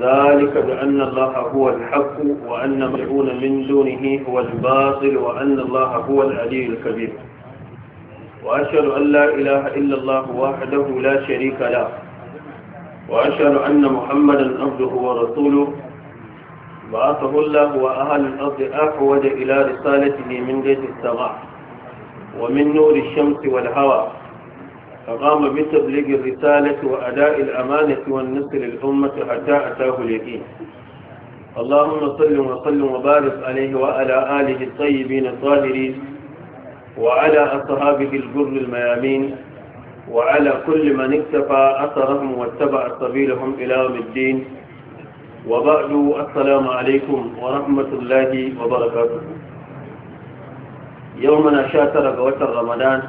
ذلك بأن الله هو الحق وأن ملعون من دونه هو الباطل وأن الله هو العلي الكبير وأشهد أن لا إله إلا الله وحده لا شريك له وأشهد أن محمدا عبده ورسوله بعثه الله وأهل الأرض أحوج إلى رسالته من جهة السماء ومن نور الشمس والهواء فقام بتبليغ الرسالة وأداء الأمانة والنصر للأمة حتى أتاه اليقين اللهم صل وسلم وبارك عليه وعلى آله الطيبين الطاهرين وعلى أصحابه الجر الميامين وعلى كل من اكتفى أثرهم واتبع سبيلهم إلى يوم الدين وبعد السلام عليكم ورحمة الله وبركاته يومنا شاتر بوتر رمضان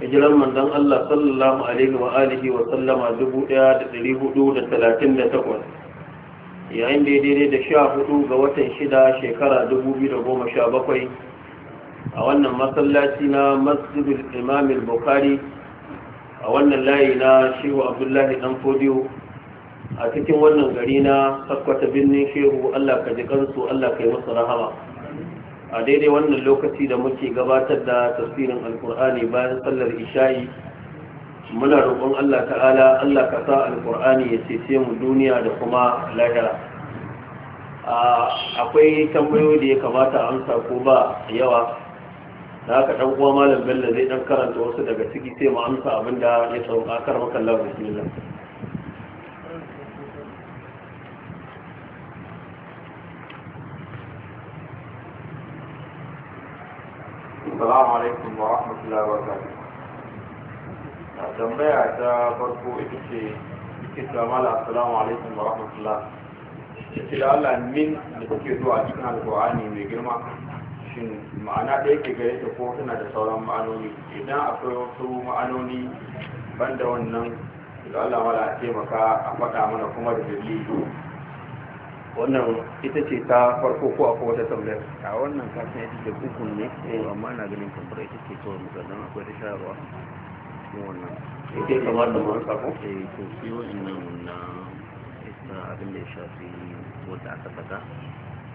hijiran manzon Allah sallallahu alaihi wa alihi wa sallama 1438 yayin da daidai da 14 ga watan 6 shekara 2017 a wannan masallaci na Masjidul Imam Bukhari a wannan layi na Shehu Abdullahi Dan Fodiyo a cikin wannan gari na Sakkwata Birnin Shehu Allah ka ji kansu Allah ka yi musu rahama a daidai wannan lokaci da muke gabatar da tasirin alkur'ani bayan sallar isha'i muna roƙon Allah ta'ala Allah ka sa alkur'ani ya cece mu duniya da kuma lahira akwai tambayoyi da ya kamata amsa ko ba yawa da haka ɗan uwa malam bello zai ɗan karanta wasu daga ciki sai mu amsa abin da ya sauka kar maka Allah bismillah alaikum wa rahmatullahi wa barakatuh tambaya ta farko ita ce ita ce la assalamu alaikum wa rahmatullahi ita da Allah min da kuke zuwa cikin alqur'ani mai girma shin ma'ana da yake gare ta ko tana da sauran ma'anoni idan akwai wasu ma'anoni banda wannan da Allah mala a taimaka a faɗa mana kuma da dalili wannan ita ce ta farko ko akwai wata tambayar a wannan kasan ya ce kukun ne amma na ganin kamar ita ce kawai musamman akwai da shayarwa ko wannan ita ce kamar da mara sako eh ko shi wa'annan na ita abin da ya shafi wanda aka faɗa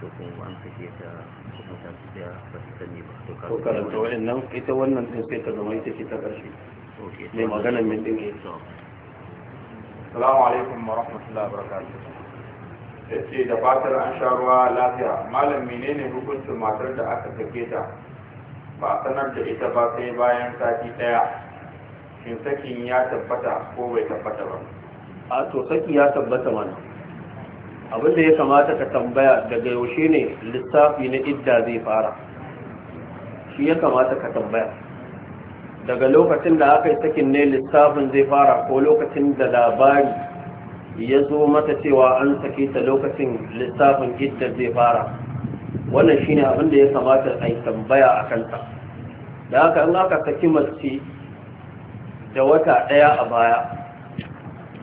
to kuma an sake ta kuma ta fi da ba ta sani ba to karanta wa'annan ita wannan din sai ta zama ita ce ta ƙarshe mai maganar min din salamu alaikum wa rahmatullahi wa barakatuh da ce da fatar an sha ruwa lafiya malam menene hukuncin matar da aka take ta ba a sanar da ita ba sai bayan sati daya shin sakin ya tabbata ko bai tabbata ba a to saki ya tabbata mana abin da ya kamata ka tambaya daga yaushe ne lissafi na idda zai fara shi ya kamata ka tambaya daga lokacin da aka yi sakin ne lissafin zai fara ko lokacin da labari ya zo mata cewa an sake ta lokacin lissafin iddar zai fara wannan shine abin da ya kamata a yi tambaya a kanta da haka in aka saki mace da wata ɗaya a baya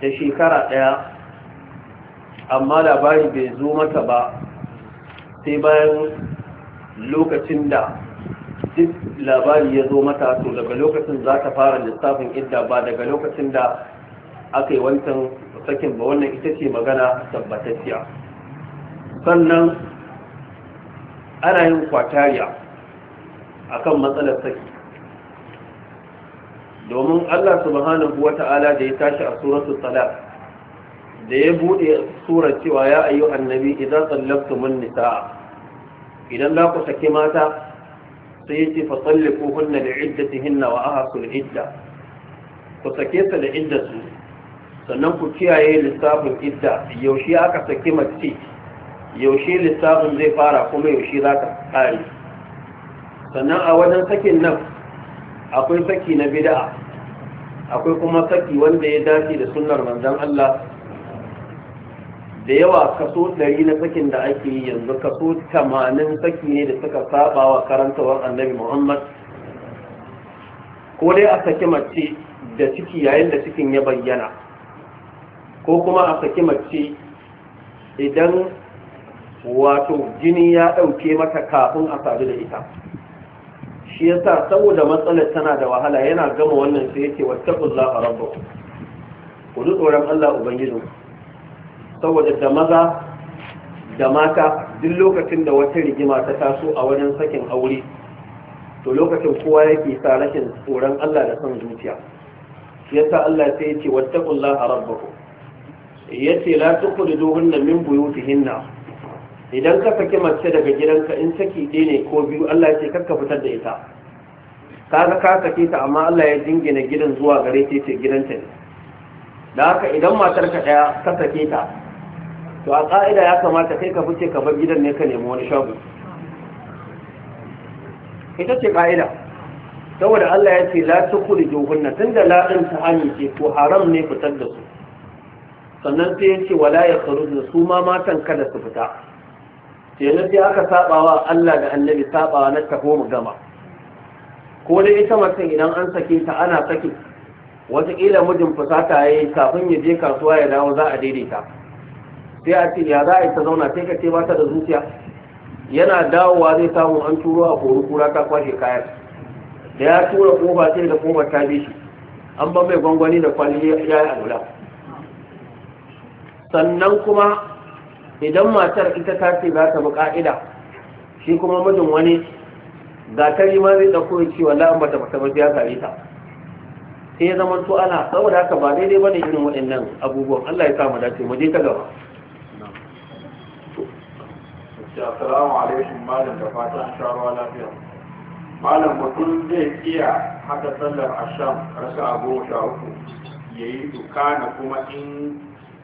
da shekara ɗaya amma labari bai zo mata ba sai bayan lokacin da duk labari ya zo mata to daga lokacin za ta fara lissafin idda ba daga lokacin da aka yi wancan sakin ba wannan ita ce magana tabbatacciya sannan ana yin kwatariya kan matsalar saki domin Allah subhanahu wa Ta'ala da ya tashi a suratul talaq da ya bude surar cewa ya ayyu annabi idan tsallaktumun nisa'a idan za ku sake mata sai yace fa tsalliku hunna li iddatihinna wa ahsul idda ku sake su da iddarsu sannan ku kiyaye lissafin idda yaushe aka saki mace yaushe lissafin zai fara kuma yaushe za ka kare sannan a wajen sakin nan akwai saki na bida'a akwai kuma saki wanda ya dace da sunnar manzon Allah da yawa kaso 100 na sakin da ake yi yanzu kaso 80 saki ne da suka saba wa karantawar annabi Muhammad ko dai a saki mace da ciki yayin da cikin ya bayyana ko kuma a saki mace idan wato jini ya ɗauke mata kafin a sadu da ita shi ya sa saboda matsalar tana da wahala yana gama wannan sai yake a rabu ku ji tsoron Allah ubangiji saboda da maza da mata duk lokacin da wata rigima ta taso a wajen sakin aure to lokacin kowa yake sa rashin tsoron Allah da son zuciya shi yasa Allah sai yake wattaqullaha rabbakum ya ce la tukhrijuhunna min buyutihinna idan ka saki mace daga gidanka in saki ɗaya ne ko biyu Allah ya ce kakka fitar da ita kaga ka sake ta amma Allah ya jingina gidan zuwa gare ta ce gidanta ne da haka idan matar ka ɗaya ka sake ta to a ƙa'ida ya kamata kai ka fice ka bar gidan ne ka nemi wani shago ita ce ƙa'ida saboda Allah ya ce la tukhrijuhunna tunda la ta hani ce ko haram ne fitar da su sannan sai ya ce wala ya da su ma matan kada su fita kenan sai aka sabawa Allah da Annabi sabawa na taho mu gama ko dai ita mutum idan an sake ta ana sake kila mijin fusata ya kafin ya je kasuwa ya dawo za a daidaita sai a ce ya za a yi ta zauna sai ka ce ba ta da zuciya yana dawowa zai samu an turo a koru kura ta kwashe kayan da ya tura kofa sai da kofa ta bi shi an ban mai gwangwani da kwali ya yi alula sannan kuma idan matar ita ta ce za ta bi ka'ida shi kuma mijin wani gatari ma zai ɗauko ya ce wallahi ba ta fata ya kare ta sai ya zama to ana saboda haka ba daidai bane irin waɗannan abubuwan Allah ya sa mu dace mu je ta gaba assalamu alaikum malam da fatan sha ruwa lafiya malam mutum zai iya hada sallar asham rasa goma sha uku yayi na kuma in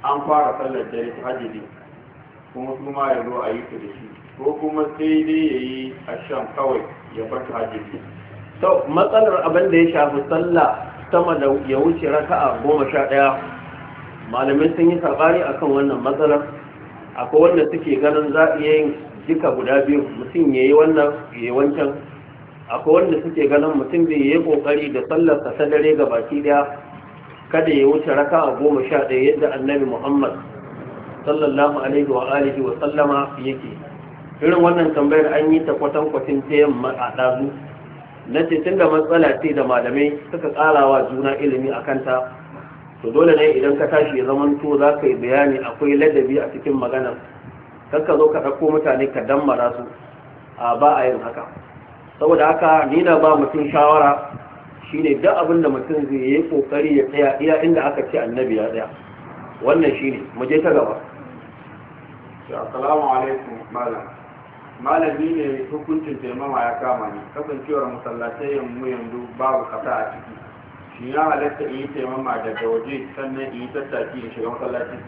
an fara sallar da hajji kuma su ma ya zo a yi su da shi ko kuma sai dai ya yi a shan kawai ya bar hajji to matsalar abin da ya shafi sallah sama da ya wuce raka'a goma sha ɗaya malamai sun yi a akan wannan matsalar akwai wanda suke ganin za a yin duka guda biyu mutum ya yi wannan ya wancan akwai wanda suke ganin mutum bai yi kokari da sallar ta dare ga baki daya kada ya wuce raka a goma sha ɗaya yadda annabi muhammad sallallahu alaihi wa alihi wa sallama yake irin wannan tambayar an yi ta kwatankwacin ta yamma a ɗazu na ce tun da matsala ce da malamai suka tsarawa juna ilimi a kanta to dole ne idan ka tashi ya zaman to za ka yi bayani akwai ladabi a cikin magana. kan ka zo ka ɗauko mutane ka dammara su a ba a yin haka saboda haka ni na ba mutum shawara shine da abin da mutum zai yi kokari ya tsaya iya inda aka ce annabi ya tsaya wannan ne, mu je ta gaba assalamu alaikum malam malami ne hukuncin taimama ya kama ni kasancewar masallacin mu yanzu babu kasa a ciki shi ya halatta in yi taimama daga waje sannan in yi tattaki in shiga masallaci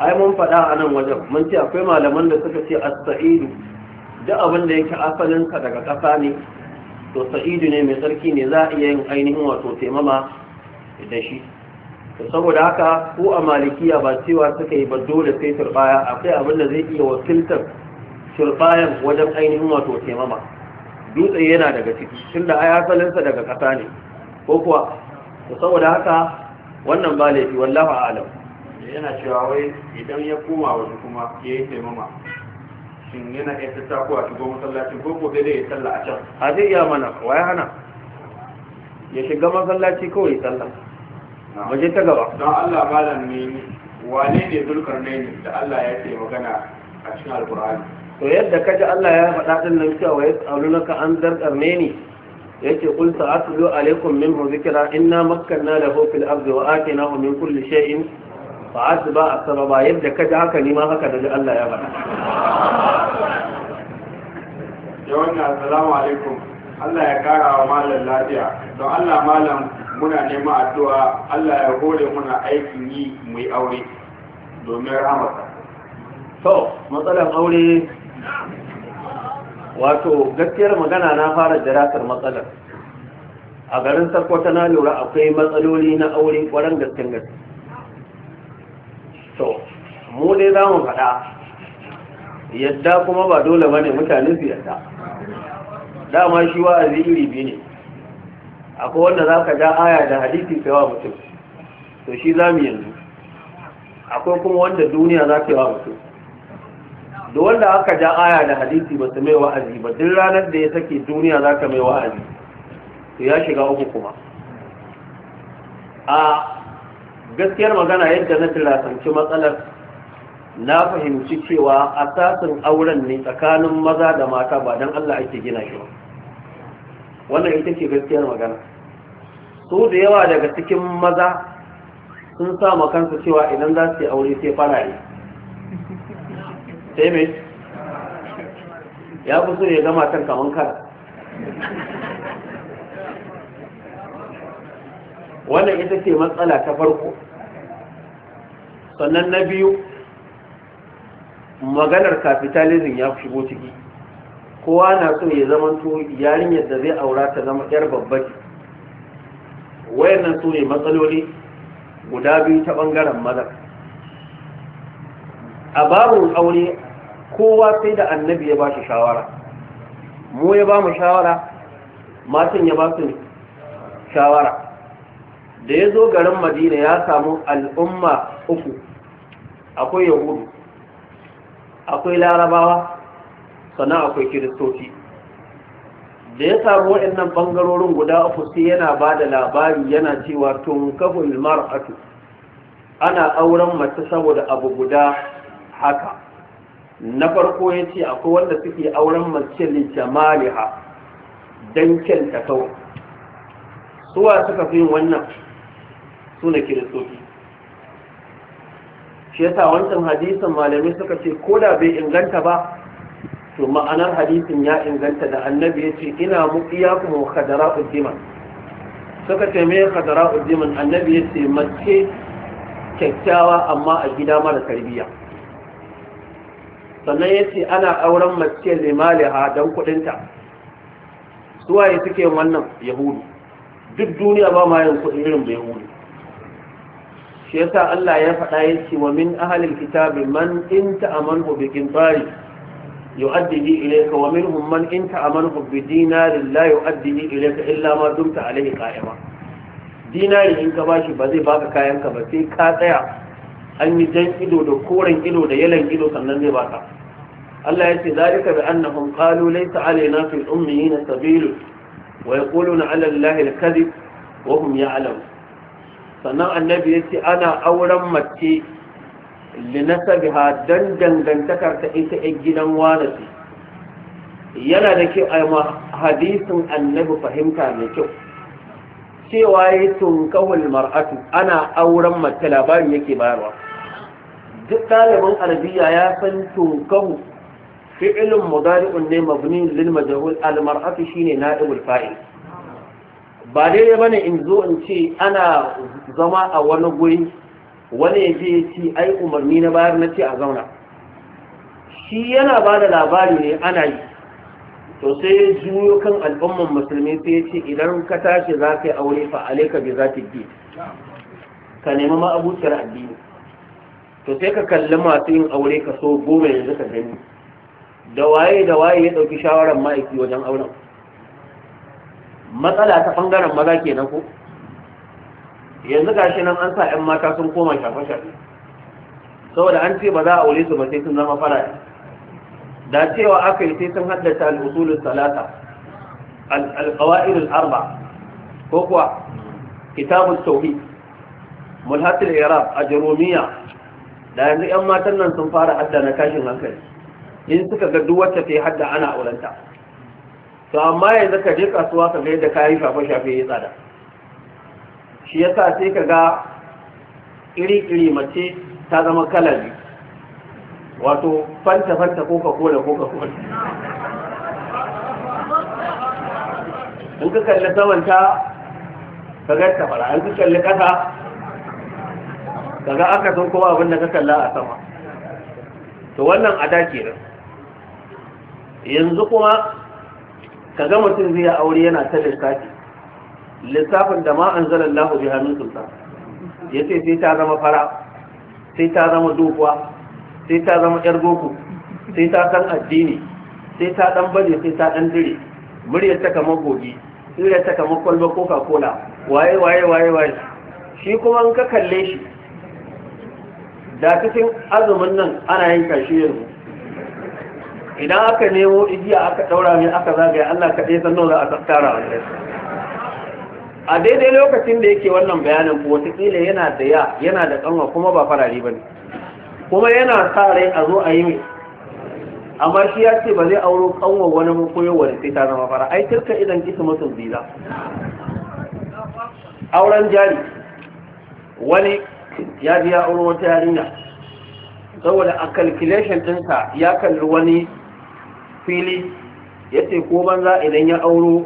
ai mun faɗa a nan wajen mun ce akwai malaman da suka ce as-sa'idu da abin da yake ka daga ƙasa ne to sa'idu ne mai tsarki ne za a iya yin ainihin wato taimama da shi to saboda haka ko a malikiya ba cewa suka yi ba da sai turbaya akwai abin zai iya wakiltar turbayan wajen ainihin wato taimama dutse yana daga ciki tunda ayasalinsa daga ƙasa ne ko kuwa to saboda haka wannan ba laifi wallahu a'lam yana cewa wai idan ya koma wasu kuma ya yi taimama shin yana iya tattako a shigo masallacin ko ko dai ya sallah a can a zai iya mana wa ya hana ya shiga masallaci kawai ya sallah waje ta gaba don Allah malam ne wane ne ne da Allah ya ce magana a cikin alqur'ani to yadda ka ji Allah ya faɗa din nan cewa ya tsalunaka an zarkarnaini yace qul sa'atlu alaikum minhu zikra inna makkanna lahu fil ardi wa atainahu min kulli shay'in fa sama ba, yadda kaji haka nima ma haka da Allah ya faɗa yawan assalamu alaikum Allah ya kara wa malam lafiya don Allah malam muna neman addu'a Allah ya hore muna aikin yi mu yi aure domin rahamata to matsalar aure wato gaskiyar magana na fara jiratar matsalar a garin sarkwata na lura akwai matsaloli na aure kwaran gaskin gaske to mu dai za mu faɗa yadda kuma ba dole ba ne mutane su yadda dama shi wa'azi iri bi ne akwai wanda za ka ja aya da hadisi sai wa mutum to shi za mu yanzu akwai kuma wanda duniya za ta yi wa mutum da wanda aka ja aya da hadisi ba su mai wa'azi ba duk ranar da ya sake duniya za ka mai wa'azi to ya shiga uku kuma a gaskiyar magana yadda na tilasanci matsalar na fahimci cewa asasin auren ne tsakanin maza da mata ba don Allah ake gina shi ba wannan ita ce gaskiyar magana su da yawa daga cikin maza sun sama kansu cewa idan za su yi aure sai yi sai mai ya fi so ya gama kan kamar kara wannan ita ce matsala ta farko sannan na biyu maganar capitalism ya shigo ciki kowa na so ya zama to yarinyar da zai aura ta zama yar babba wayannan su ne matsaloli guda biyu ta bangaren maza a babu aure kowa sai da annabi ya ba shi shawara mu ya ba mu shawara matan ya ba su shawara da ya zo garin madina ya samu al'umma uku akwai yahudu akwai larabawa sannan akwai kiristoci da ya samu waɗannan ɓangarorin guda uku sai yana ba da labari yana cewa tun kafin mar'atu ana auren mace saboda abu guda haka na farko ya ce akwai wanda suke auren mace jamaliha don kyanta kawai suwa suka fi yin wannan su na kiristoci shi ya sa wancan hadisin malamai suka ce ko da bai inganta ba to ma'anar hadisin ya inganta da annabi ya ce ina muƙiya kuma kadara uddiman suka ce mai kadara uddiman annabi ya ce mace kyakkyawa amma a gida mara tarbiyya sannan ya ce ana auren mace limaliha don kuɗinta suwaye suke wannan yahudu duk duniya ba ma yin kuɗin irin bai yahudu shi yasa Allah ya faɗa yace wa min ahlil kitabi man in ta'amanu bi qintari yu'addihi ilayka wa minhum man in ta'amanu bi dinarin la yu'addihi ilayka illa ma dumta alayhi qa'ima dinari in ka bashi ba zai baka kayan ka ba sai ka tsaya an yi jan ido da koren ido da yalan ido sannan zai baka Allah ya ce zalika bi annahum qalu laysa alaina fil ummiyina sabilu wa yaquluna ala allahi al wa hum ya'lamun sannan annabi ya ce ana auren mace linasabiha don dangantakar ta ita a gidan wane yana da kyau a hadisin annabi fahimta mai kyau cewa ya tunkahul mar'atu ana auren mace labarin yake bayarwa duk ɗaliban arabiya ya san tunkahu fi'ilin mudari'un ne mabni lil majhul al mar'atu shine na'ibul fa'il ba daidai bane in zo in ce ana zama a wani guri wani ya ce ci ai umarni na bayar na ce a zauna shi yana ba da labari ne ana yi to sai ya juyo kan al'umman musulmi sai ya ce idan ka tashi za ka yi aure fa alaika bi za ta bi ka nemi ma addini to sai ka kalli masu yin aure ka so goma yanzu ka gani da waye da waye ya ɗauki shawarar ma'aiki wajen auren matsala ta bangaren maza kenan ko yanzu gashi nan an sa 'yan mata sun koma shafe-shafe saboda an ce ba za a aure su ba sai sun zama fara da cewa aka yi sai sun haddata al'usulun salata alƙawa'ir arba ko kuwa kitabun tauhi mulhatul iraq a jeromiya da yanzu 'yan matan nan sun fara hadda na tashin hankali in suka ga duk wacce ta yi hadda ana aurenta to amma yanzu ka je kasuwa ka ga yadda kayi shafe shafe ya tsada shi ya sa sai ka ga iri iri mace ta zama kala wato fanta fanta coca cola coca cola in ka kalli samanta ka ga ta fara in ka kalli kasa kaga aka san kuma abin da ka kalla a sama to wannan ada kenan yanzu kuma ka ga mutum zai aure yana ta lissafi lissafin da ma an zala Allahu bi hannun sulta ya ce sai ta zama fara sai ta zama dokuwa sai ta zama yar goku sai ta san addini sai ta dan bale sai ta dan dire muryar ta kamar gogi muryar ta kamar kwalba coca cola waye waye waye waye shi kuma in ka kalle shi da cikin azumin nan ana yin kashi yanzu idan aka nemo igiya aka ɗaura mai aka zagaya Allah kaɗai san nawa za a tattara a a daidai lokacin da yake wannan bayanin ko watakila yana da ya yana da ƙanwa kuma ba farare ba ne kuma yana sa rai a zo a yi mai amma shi ya ce ba zai auro ƙanwa wani koyowar sai ta zama fara ai tilka idan kisa mutum zira auren jari wani ya biya auro wata yarinya saboda a calculation ɗinsa ya kalli wani fili ya ce ko banza idan ya auro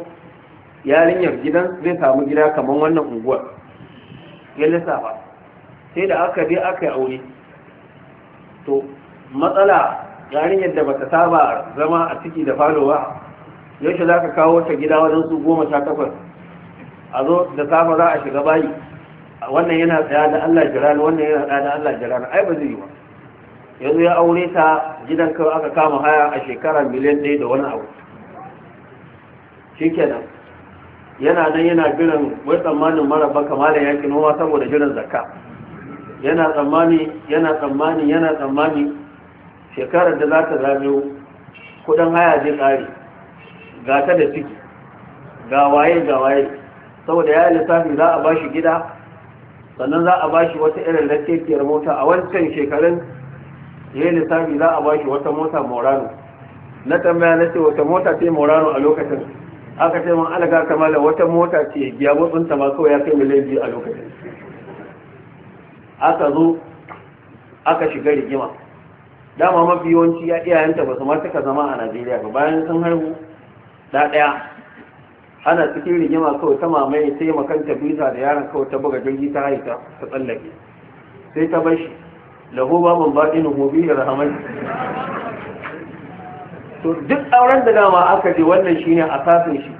yarinyar gidan zai samu gida kamar wannan unguwar ya lissafa sai da aka bi aka yi aure to matsala yarinyar da bata saba zama a ciki da falowa yaushe za ka kawo wata gida wajen su goma sha takwas a zo da safa za a shiga bayi wannan yana tsaya da Allah jirani wannan yana tsaya da Allah jirani ai ba zai yi ba yanzu ya aure ta gidan kawai aka kama haya a shekara miliyan ɗaya da wani abu shikenan yana nan yana birin wai tsammanin maraba kamalan yaki noma saboda jiran zakka yana tsammani yana tsammani yana tsammani shekarar da za ta zamiyo kudin haya zai tsari, ga ta da ciki ga waye ga waye saboda ya yi lissafi za a ba shi gida sannan za a ba shi wata irin lakkekiyar mota a wancan shekarun ya yi lissafi za a bashi wata mota morano na tambaya na ce wata mota ce morano a lokacin aka ce ga kama da wata mota ce biya gudunta ma kawai ya kai miliyan biyu a lokacin aka zo aka shiga rigima dama mafi yawanci ya iyayenta ba su ma suka zama a najeriya ba bayan sun haihu da ɗaya ana cikin rigima kawai ta mamaye sai makanta biza da yaron kawai ta buga jirgi ta haita ta tsallake sai ta bashi lahu babun na hobi da rahamai to duk auren da dama aka je wannan shine asasin shi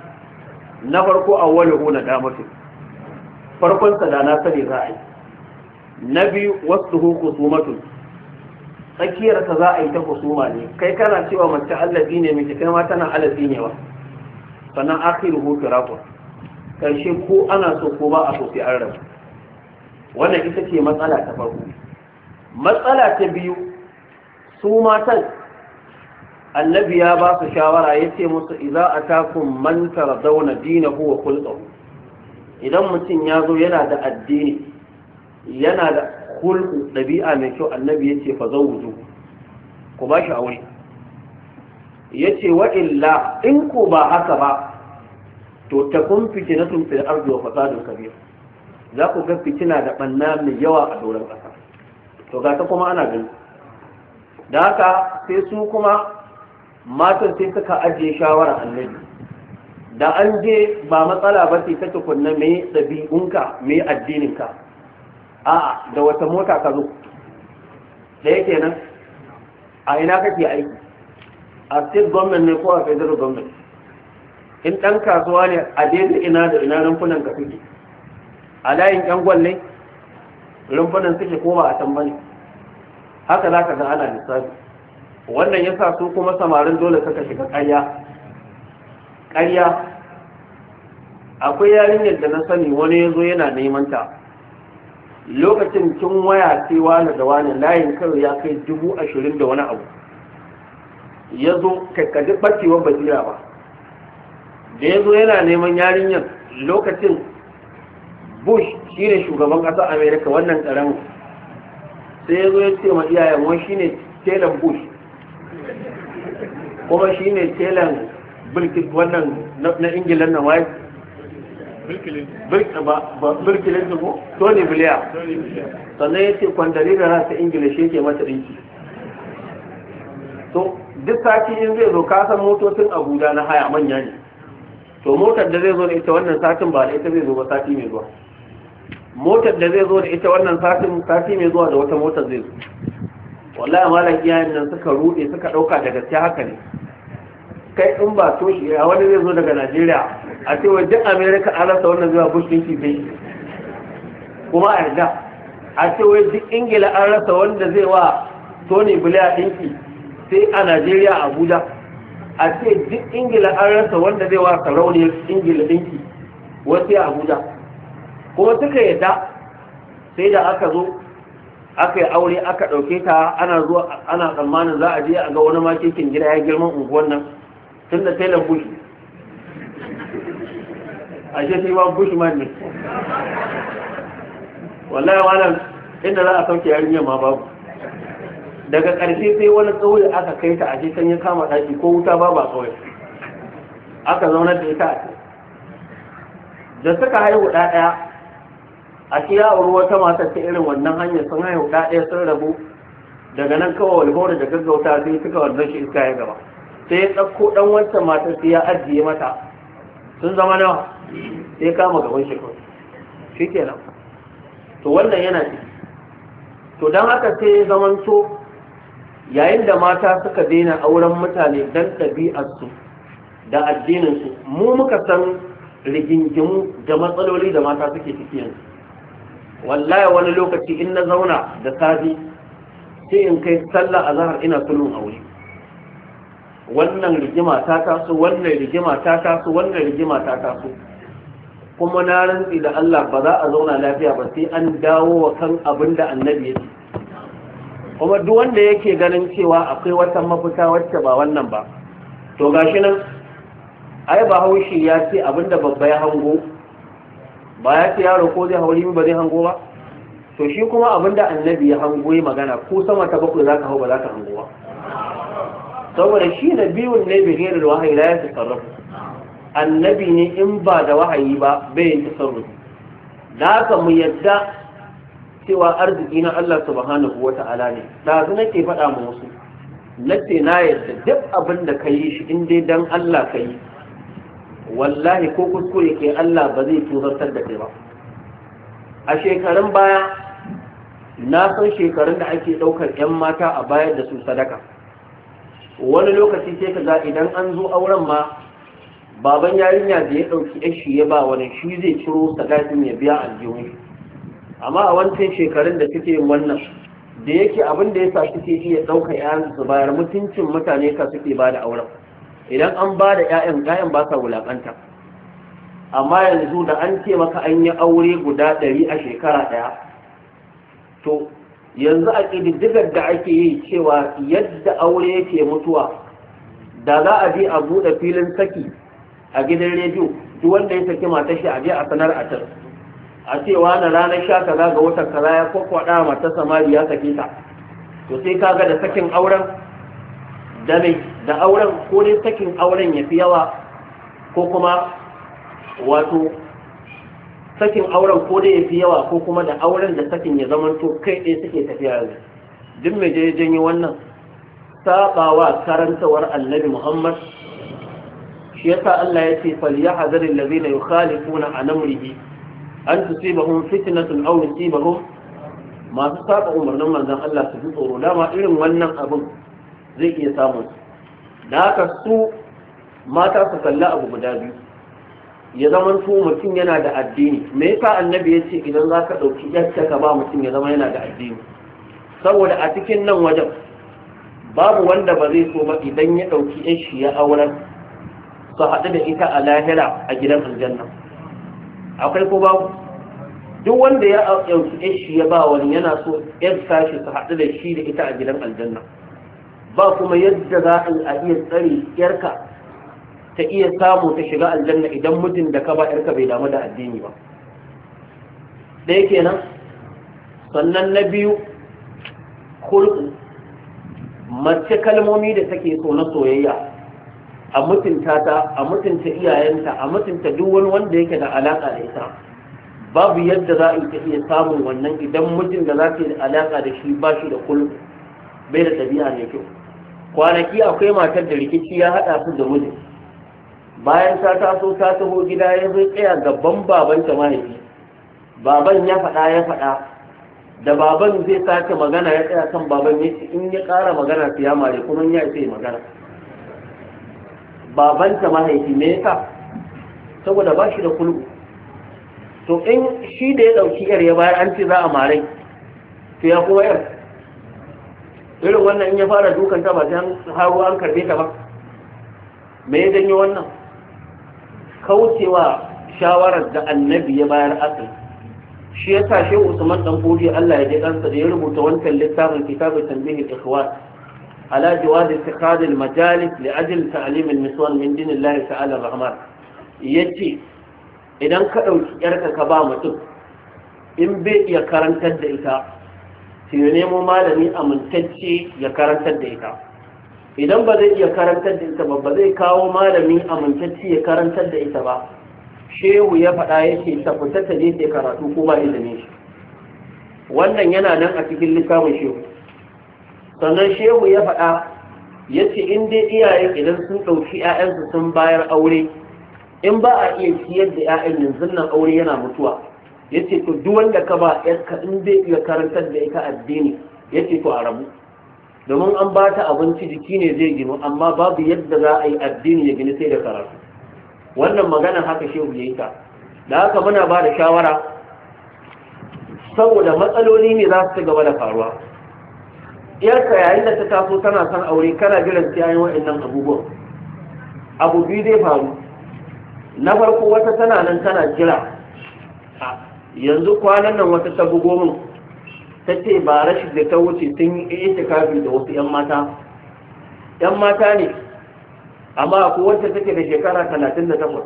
na farko awwaluhu na damatu farkon sa da na sani za a yi na biyu wasuhu khusumatun tsakiyar Tsakiyarsa za a yi ta kusuma ne kai kana cewa mace allazi ne miki kai ma tana allazi ne wa sannan akhiruhu firaqun karshe ko ana so ko ba a so sai an rabu wannan ita ce matsala ta farko matsala ta biyu su matan annabi ya ba su shawara ya ce musu iza a takun mantar zauna dina huwa kulɗau idan mutum ya zo yana da addini yana da hulɗu ɗabi'a mai kyau annabi ya ce fa wuzu ku ba shi aure ya ce wa in ku ba haka ba to ta kun fitinatun fil arziki wa fasadun kabir za ku ga fitina da ɓanna mai yawa a doron ƙasa to ga ta kuma ana gani da haka sai su kuma matan sai suka ajiye shawara annabi da an je ba matsala ba sai ta tukunna mai ɗabi'unka mai addininka a da wata mota ka zo da yake nan a ina kake aiki a state government ne ko a federal government in ɗan kasuwa ne a daidai ina da ina rumfunan ka suke a layin ƴan gwal rumfunan suke koma ba a can bane haka za ka ga ana lissafi wannan ya sa su kuma samarin dole suka shiga ƙarya ƙarya akwai yarinyar da na sani wani ya zo yana neman ta lokacin kin waya ce wani da wani layin karo ya kai dubu ashirin da wani abu ya zo kakkadi ɓacewar basira ba da ya zo yana neman yarinyar lokacin bush shi ne shugaban ƙasar amerika wannan ƙaramin sai ya zo ya ce ma iyayen wani shi ne telan bush kuma shi ne telan birkin wannan na ingila na waye birkilin su ko tony blair sannan ya ce kwandari da rasa ingila shi ke mata rinki to duk sati in zai zo kasan motocin abuja na haya manya ne to motar da zai zo da ita wannan satin ba da ita zai zo ba sati mai zuwa motar da zai zo da ita wannan satin sati mai zuwa da wata motar zai zo wallahi malam iyayen nan suka rude suka dauka daga gaskiya haka ne kai in ba to shi a wani zai zo daga Najeriya a ce wa duk America an rasa wannan zuwa Bush din kifi kuma a yarda a ce wa duk Ingila an rasa wanda zai wa Tony Blair dinki sai a Najeriya Abuja a ce duk Ingila an rasa wanda zai wa sarauniyar Ingila dinki wasu a Abuja kuma suka yadda sai da aka zo aka yi aure aka ɗauke ta ana zuwa ana tsammanin za a je a ga wani makekin gida ya girma unguwan nan tun da taylor bush a shi shi ma bush man ne wallahi wannan inda za a sauke yarinya ma babu daga ƙarshe sai wani tsawon aka kai ta a shi sanyi ya kama ɗaki ko wuta ba ba kawai aka zaunar da ita a da suka haihu ɗaya a kiya wata mata ta irin wannan hanyar sun haihu ɗaya sun rabu daga nan kawai walhora da gaggauta sai suka wannan shi iska ya gaba sai ya ɗauko ɗan wancan matar sai ya ajiye mata sun zama nawa sai kama gaban shi kawai shi nan to wannan yana ciki to don haka sai ya so yayin da mata suka daina auren mutane don ɗabi'arsu da addininsu mu muka san rigingimu da matsaloli da mata suke cikin yanzu wallahi wani lokaci in na zauna da safi sai in kai sallah azhar ina a aure wannan rigima ta taso wannan rigima ta taso wannan rigima ta taso kuma na rantsi da Allah ba za a zauna lafiya ba sai an dawo wa kan abin annabi ya ce kuma duk wanda yake ganin cewa akwai wata mafita wacce ba wannan ba to gashi nan ai ba haushi ya ce abinda babba ya hango ba ya ce yaro ko zai hauri ba zai hango ba to shi kuma abinda annabi ya hango ya magana ko sama ta bakwai za ka hau ba za ka hango ba saboda shi na biyun ne bai da wahayi la ya annabi ne in ba da wahayi ba bai yin tasarrufu da haka mu yadda cewa arziki na Allah subhanahu wa ta'ala ne da su nake faɗa ma wasu nace na yadda duk abin da ka yi shi in dai dan Allah ka yi wallahi ko kuskure ke Allah ba zai tuzartar da kai ba a shekarun baya na san shekarun da ake ɗaukar 'yan mata a bayar da su sadaka wani lokaci sai ka ga idan an zo auren ma baban yarinya da ya ɗauki 'yan shi ya ba wani shi zai ciro sadakin ya biya aljihun amma a wancan shekarun da suke yin wannan da yake abin da ya sa suke iya ɗaukar 'yan su bayar mutuncin mutane ka suke ba da auren idan an ba da 'ya'yan 'ya'yan ba sa wulaƙanta amma yanzu da an ce maka an yi aure guda ɗari a shekara ɗaya to yanzu a ƙididdigar da ake yi cewa yadda aure yake mutuwa da za a je a buɗe filin saki a gidan rediyo duk wanda ya saki mata shi a je a sanar a can a ce wani ranar sha kaza ga watan kaza ya kwakwada mata samari ya saki ta to sai kaga da sakin auren da da auren ko dai sakin auren ya fi yawa ko kuma wato sakin auren ko dai ya fi yawa ko kuma da auren da sakin ya zama to kai ɗaya suke tafiya yanzu duk mai je janyi wannan sabawa karantawar annabi muhammad shi yasa Allah ya ce a nan yukhalifuna an su amrihi bahun fitinatun fitnatun aw bahun masu saba umarnin manzan Allah su ji tsoro dama irin wannan abin zai iya samun su da haka su mata su kalla abu guda biyu ya zama su mutum yana da addini me yasa annabi ya ce idan za ka ɗauki yadda ka ba mutum ya zama yana da addini saboda a cikin nan wajen babu wanda ba zai so ba idan ya ɗauki yan shi ya auren su haɗu da ita a lahira a gidan aljanna akwai ko babu duk wanda ya ɗauki yan shi ya ba wani yana so yan sashi su haɗu da shi da ita a gidan aljanna ba kuma yadda za a iya tsare yarka ta iya samu ta shiga aljanna idan mutum da ka ba yarka bai damu da addini ba ɗaya kenan sannan na biyu hulɗu mace kalmomi da take so na soyayya a mutunta ta a mutunta iyayenta a mutunta duk wani wanda yake da alaƙa da ita babu yadda za a iya samun wannan idan mutum da za ta yi alaƙa da shi ba shi da kulku bai da ɗabi'a mai kyau kwanaki akwai matar da rikici ya haɗa su da mijin bayan ta taso ta taho gida ya zai tsaya gaban babanta mahaifi baban ya faɗa ya faɗa da baban zai sake magana ya tsaya kan baban ya ce in ya ƙara magana su ya mare kuma ya ce magana babanta mahaifi me yasa saboda ba shi da kulu. to in shi da ya ɗauki yar ya bayar an ce za a mare to ya kuma yar irin wannan in ya fara dukan ta ba sai haru an karbe ta ba me ya janyo wannan kaucewa shawarar da annabi ya bayar asir shi ya tashe usman dan fodi Allah ya je kansa da ya rubuta wancan littafin kitabin tanbih da ikhwan ala jawaz ittikhad al-majalis li ajl ta'lim al miswan min din Allah ta'ala rahman yace idan ka dauki yarka ka ba mutum in bai iya karantar da ita su yi nemo malami amintacce ya karantar da ita idan ba zai iya karantar da ita ba ba zai kawo malami amintacce ya karantar da ita ba shehu ya faɗa ya ce ta fita ta karatu ko ba izinin shi wannan yana nan a cikin littafin shehu sannan shehu ya faɗa ya ce in dai iyaye idan sun ɗauki 'ya'yansu sun bayar aure in ba a iya ciyar da 'ya'yan yanzu nan aure yana mutuwa ya ce to duk wanda ka ba yarka in zai iya karantar da ita addini ya ce to a rabu domin an ba ta abinci jiki ne zai ginu amma babu yadda za a yi addini ya gini sai da karatu wannan magana haka shehu ya yi da haka muna ba da shawara saboda matsaloli ne za su ci gaba da faruwa iyarka yayin da ta taso tana son aure kana jiran sai an yi waɗannan abubuwan abu biyu zai faru na farko wata tana nan tana jira yanzu kwanan nan wata ta bugo min ta ce ba rashin da ta wuce sun yi kafi da wasu 'yan mata 'yan mata ne amma akwai wacce take da shekara talatin da takwas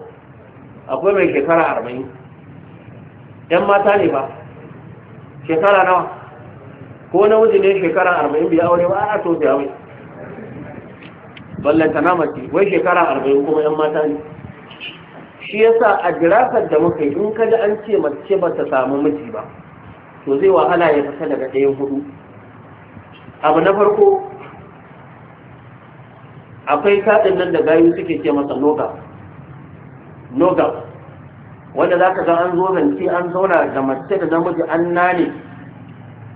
akwai mai shekara arba'in 'yan mata ne ba shekara nawa ko na wuce ne shekara arba'in biya aure ba a so biya mai ballanta na mace wai shekara arba'in kuma 'yan mata ne shi yasa a girasar da muka yi in kaji an ce mace ba ta samu miji ba to zai wahala ya fita daga ɗaya hudu abu na farko akwai kaɗin nan da gayu suke ce masa noga noga wanda za ka ga an zo zance an zauna da mace da namiji an nane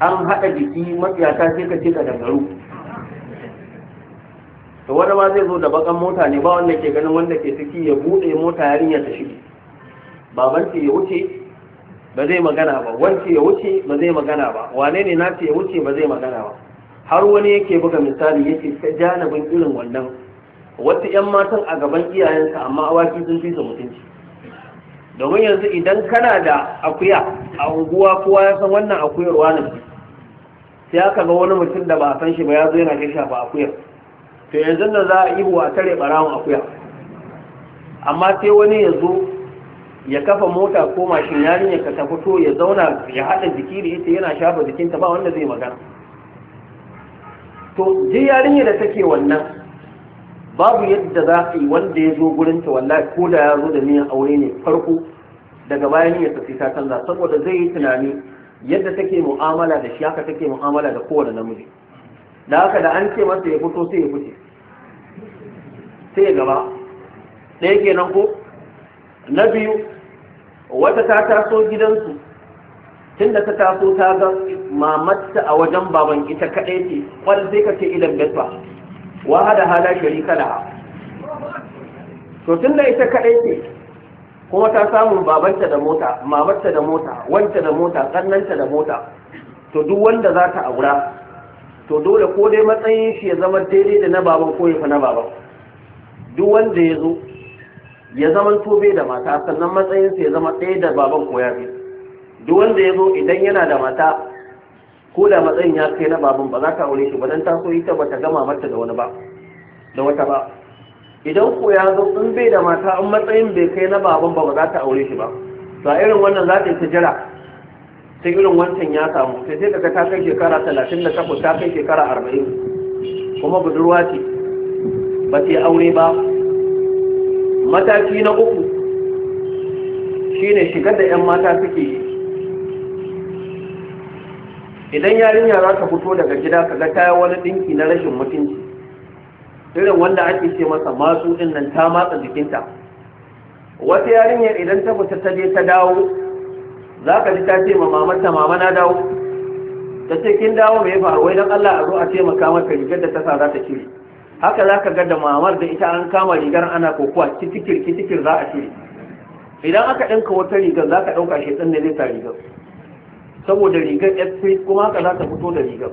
an haɗa jiki matsiyata sai ka ce ka dangaru to wani ma zai zo da bakan mota ne ba wanda ke ganin wanda ke ciki ya buɗe mota yarinya ta shige baban ce ya wuce ba zai magana ba wance ya wuce ba zai magana ba wane ne na ce ya wuce ba zai magana ba har wani yake buga misali yake ta janabin irin wannan wata 'yan matan a gaban iyayensa amma awaki sun fi su mutunci domin yanzu idan kana da akuya a unguwa kowa ya san wannan akuyar wani sai aka ga wani mutum da ba a san shi ba ya zo yana shafa akuyar to yanzu da za a yi wa tare barawon akuya amma sai wani ya zo ya kafa mota ko mashin yarinya ka ta fito ya zauna ya haɗa jiki da ita yana shafa jikinta ba wanda zai magana to je yarinya da take wannan babu yadda za a yi wanda ya zo gurinta wallahi ko da ya zo da niyan aure ne farko daga bayan ya tafi ta canza saboda zai yi tunani yadda take mu'amala da shi haka take mu'amala da kowane namiji da haka da an ce masa ya fito sai ya fice sai ya gaba ɗaya kenan ko na biyu wata ta taso gidansu tun da ta taso ta ga mamatta a wajen baban ita kaɗai ce kwal sai ka ce idan besfa wa hada hada sharika laha to tun da ita kaɗai ce kuma ta samu babanta da mota mamatta da mota wanta da mota kannanta da mota to duk wanda za ta aura to dole ko dai matsayin shi ya zama daidai da na baban ko ya na baban duk wanda ya zo ya zama tobe da mata sannan matsayinsa ya zama ɗaya da baban ko yafi duk wanda ya zo idan yana da mata ko da matsayin ya kai na baban ba za ka aure shi ba dan so ita ba ta gama mata da wani ba da wata ba idan ko ya zo in bai da mata in matsayin bai kai na baban ba ba za ta aure shi ba to a irin wannan za ta yi ta jira sai irin wancan ya samu sai sai kaga ta kai shekara talatin da takwas ta kai shekara arba'in kuma budurwa ce ba ta aure ba mataki na uku shine shigar da 'yan mata suke yi idan yarinya za ta fito daga gida ka ga yi wani ɗinki na rashin mutunci irin wanda ake ce masa masu dinnan nan ta matsa jikinta wata yarinyar idan ta fita ta je ta dawo za ka ji ta ce ma mamarta mama na dawo ta ce kin dawo mai faru wai don Allah a zo a ce maka ka rigar da ta sa za ta cire haka za ka ga da mamar da ita an kama rigar ana kokuwa kitikir kitikir za a cire idan aka ɗinka wata rigar za ka ɗauka shi tsanne da zai sa rigar saboda rigar fp kuma haka za ta fito da rigar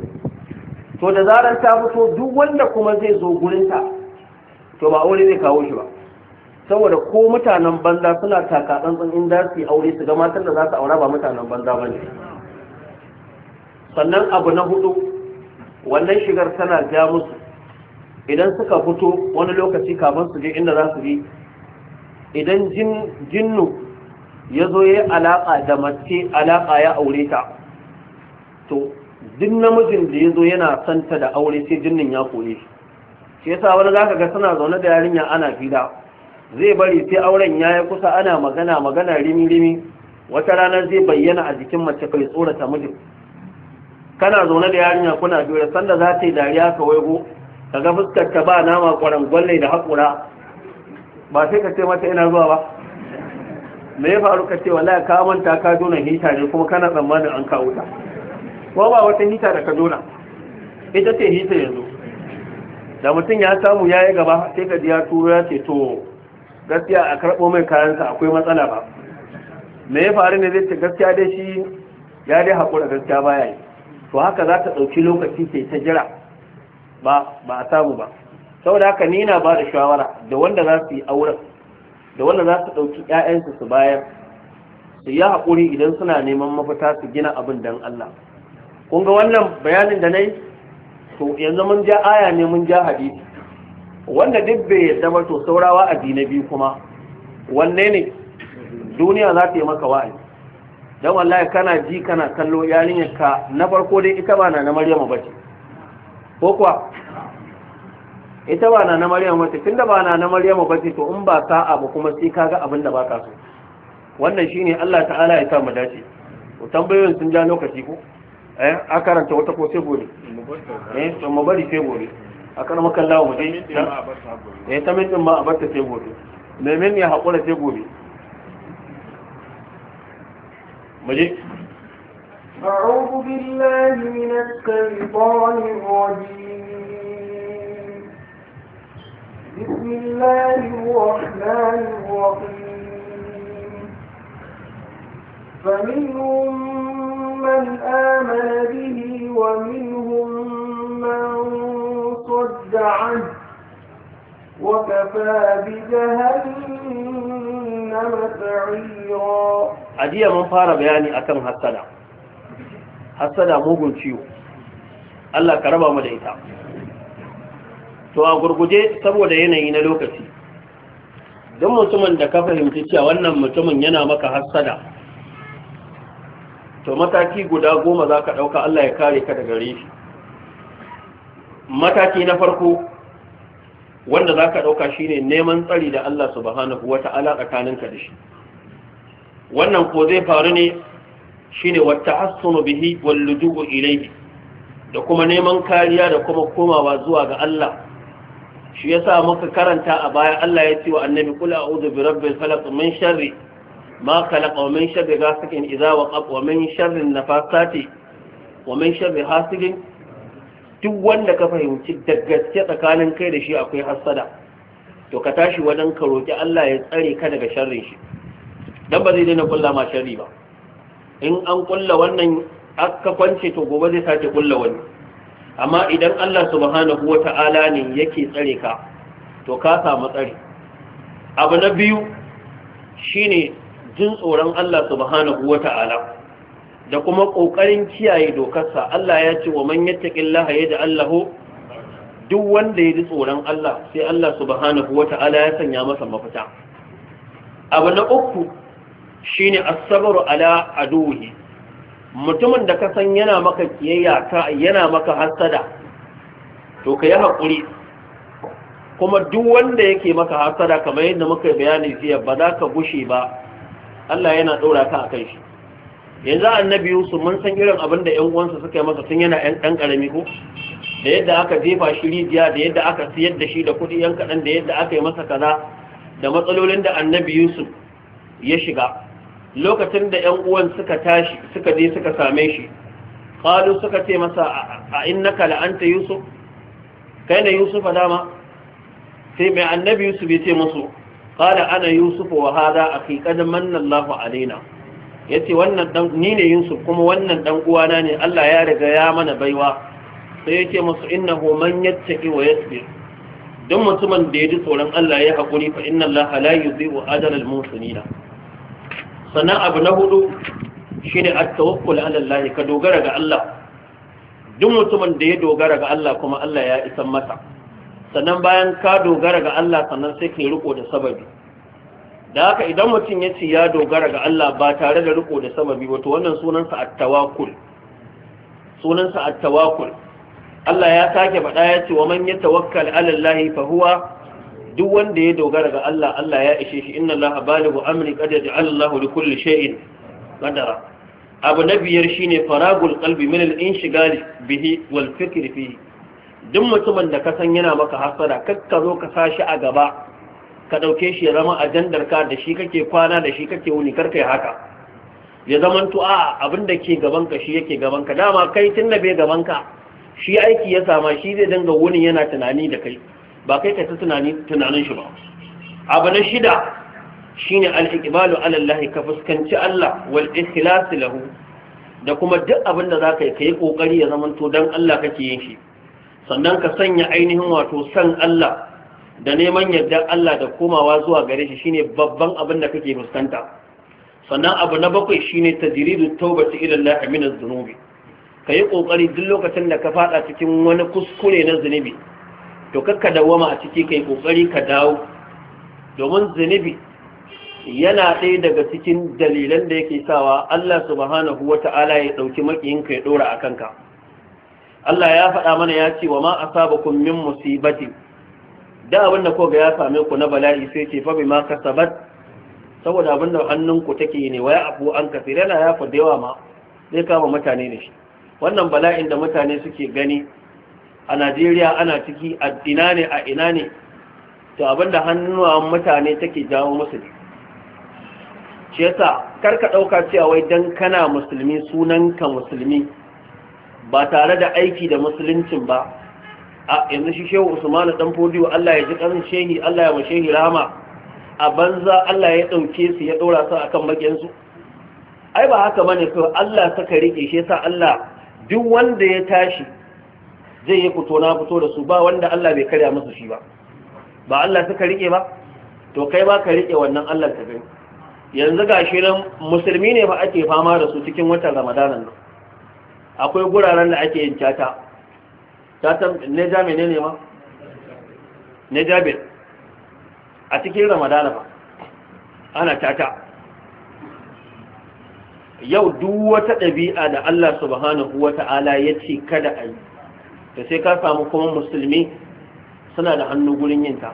to da zarar ta fito duk wanda kuma zai zo gurinta to ba wani zai kawo shi ba saboda ko mutanen banza suna taka tsantsan in za su yi aure su ga matan da za su aura ba mutanen banza ba ne sannan abu na hudu wannan shigar tana ja musu idan suka fito wani lokaci kafin su je inda za su je, idan jinnu ya zo ya yi alaƙa da mace alaƙa ya aure ta to duk namijin da ya zo yana santa da aure sai jinnin ya kore shi shi yasa wani za ka ga suna zaune da yarinya ana fida zai bari sai auren ya yi kusa ana magana magana rimi wata rana zai bayyana a jikin mace kai tsorata mijin kana zaune da yarinya kuna jure sanda za ta yi dariya ka waigo ka ga fuskar ta ba nama kwarangwalle da haƙura ba sai ka ce mata ina zuwa ba me ya faru ka ce wallahi ka manta ka jona hita ne kuma kana tsammanin an kawo ta ko ba wata hita da ka jona ita ce hita yanzu da mutum ya samu ya yi gaba sai ka ji ya turo ya ce to gaskiya a karɓo mai kayansa akwai matsala ba me ya faru ne zai ce gaskiya dai shi ya dai haƙura gaskiya baya yi to haka za ta ɗauki lokaci ke ta jira ba ba a samu ba saboda haka ni na ba da shawara da wanda za su yi auren da wanda za su ɗauki 'ya'yansu su bayar su yi haƙuri idan suna neman mafita su gina abin dan Allah kun ga wannan bayanin da na to yanzu mun ja aya ne mun ja hadisi wanda duk bai yadda ba to saurawa addinai biyu kuma wanne ne duniya za ta yi maka wa'azi Don wallahi kana ji kana kallo yarinyar ka na farko dai ita ba na na Maryama bace ko kuwa ita ba na na Maryama bace tunda ba na na Maryama bace to in ba ka abu kuma sai ka ga abin da baka so wannan shine Allah ta'ala ya sa mu dace to tambayoyin sun ja lokaci ko eh a karanta wata ko sai gobe eh to mu bari sai gobe a makan lawo mutum ya ta min ma a sai gobe nemin ya sai gobe أعوذ بالله من الشيطان الرجيم بسم الله الرحمن الرحيم فمنهم من آمن به ومنهم من صد عنه وكفى بجهنم سعيرا أدي من فار بياني أكم حسنا حسنا موغن ciwo. Allah ka raba mu da ita to a gurguje saboda yanayi na lokaci don mutumin da ka fahimci cewa wannan mutumin yana maka hassada to mataki guda goma za ka ɗauka Allah ya kare ka daga rishi. mataki na farko wanda za ka ɗauka shine neman tsari da Allah subhanahu alaƙa ta'ala tsakaninka da shi wannan ko zai faru ne shine wata hassunu bihi walluju'u ilayhi da kuma neman kariya da kuma komawa zuwa ga Allah shi ya yasa muka karanta a baya Allah ya ce wa annabi kul a'udhu bi rabbil min sharri ma kalaƙa wa min sharri ghasiqin idha waqab wa min sharri fasati wa min sharri hasidin duk wanda ka fahimci da gaske tsakanin kai da shi akwai hassada to ka tashi wajen ka roƙi Allah ya tsare ka daga sharrin shi dan ba zai daina kulla sharri ba in an kulla wannan aka kwance to gobe zai sake kulla wani amma idan Allah subhanahu wata'ala ne yake tsare ka to ka samu tsare abu na biyu shine jin tsoron Allah subhanahu wata'ala da kuma ƙoƙarin kiyaye dokarsa Allah ya ce wa manyan man yattaqillaha yaj'al Allahu. duk wanda ya ji tsoron Allah sai Allah subhanahu wata'ala ya sanya masa mafita abu na uku shine as-sabru ala aduhi mutumin da ka san yana maka kiyayya ka yana maka hasada to ka yi hakuri kuma duk wanda yake maka hasada kamar yadda muka bayani jiya ba za ka gushe ba Allah yana ɗora ka akan shi yanzu annabi yusuf mun san irin abin da yan uwansa suka yi masa tun yana ɗan ƙarami karami ko da yadda aka jefa shi rijiya da yadda aka siyar da shi da kuɗi yan kaɗan da yadda aka yi masa kaza da matsalolin da annabi yusuf ya shiga lokacin da yan uwan suka tashi suka je suka same shi qalu suka ce masa a innaka la anta yusuf kai ne yusuf dama sai mai annabi yusuf ya ce musu qala ana yusuf wa hada aqiqad manna Allahu alaina yace wannan dan ni ne yinsu kuma wannan dan uwana ne Allah ya riga ya mana baiwa sai yace musu innahu man yattaqi wa yasbir dan mutumin da ya ji tsoron Allah ya hakuri fa inna Allah la yudhi'u ajra al-muhsinina sannan abu na hudu shine at-tawakkul ala Allah ka dogara ga Allah duk mutumin da ya dogara ga Allah kuma Allah ya isan mata, sannan bayan ka dogara ga Allah sannan sai ka riko da sababi da haka idan mutum ya ce ya dogara ga Allah ba tare da riko da sababi wato wannan sunansa at-tawakkul sunansa at-tawakkul Allah ya sake faɗa ya ce wa man yatawakkal 'ala Allah fa huwa duk wanda ya dogara ga Allah Allah ya ishe shi inna Allah balighu amri qad ja'ala Allah li kulli shay'in qadara abu na biyar shine faragul qalbi min al-inshigali bihi wal fihi duk mutumin da ka san yana maka hasara kakka zo ka sashi a gaba ka ɗauke shi ya zama ajandar ka da shi kake kwana da shi kake wuni kar yi haka ya zaman a abinda ke gaban ka shi yake gaban ka dama kai tun da bai gaban ka shi aiki ya sama shi zai dinga wuni yana tunani da kai ba kai ka ta tunani tunanin shi ba abu na shida shine al-iqbalu ala ka fuskanci Allah wal ikhlas lahu da kuma duk abin da zaka yi kai kokari ya zamanto to dan Allah kake yin shi sannan ka sanya ainihin wato san Allah da neman yadda Allah da komawa zuwa gare shi shine babban abin da kake fuskanta sannan abu na bakwai shine tajridu tawbati ila Allah min az-zunubi kai kokari duk lokacin da ka fada cikin wani kuskure na zunubi to kakka dawama a ciki kai kokari ka dawo domin zunubi yana ɗaya daga cikin dalilan da yake sawa Allah subhanahu wata'ala ya dauki makiyinka ya dora akan ka Allah ya faɗa mana ya ce wa ma asabakum min musibatin da abin da koga ya same ku na bala'i sai ce fa ma kasabat saboda abin da hannun ku take ne waya abu an kasir yana ya fa yawa ma zai kama mutane da shi wannan bala'in da mutane suke gani a Najeriya ana ciki a ina ne a ina ne to abin da hannuwan mutane take jawo musu ne shi yasa karka ɗauka cewa wai dan kana musulmi sunanka musulmi ba tare da aiki da musuluncin ba a yanzu shi shehu usmanu dan fodiyo Allah ya ji karin shehi Allah ya ma shehi rahama a banza Allah ya dauke su ya dora su akan bakin su ai ba haka bane to Allah saka rike shi sa Allah duk wanda ya tashi zai yi fito na fito da su ba wanda Allah bai karya musu shi ba ba Allah saka rike ba to kai ba ka rike wannan Allah ka gani yanzu gashi nan musulmi ne ba ake fama da su cikin watan Ramadanan nan akwai guraren da ake yin tata ta ne ma bel a cikin ramadana ba ana tata yau duk wata ɗabi'a da Allah subhanahu wa ta'ala ya ce kada a yi da sai ka samu kuma musulmi suna da hannu gurin yinta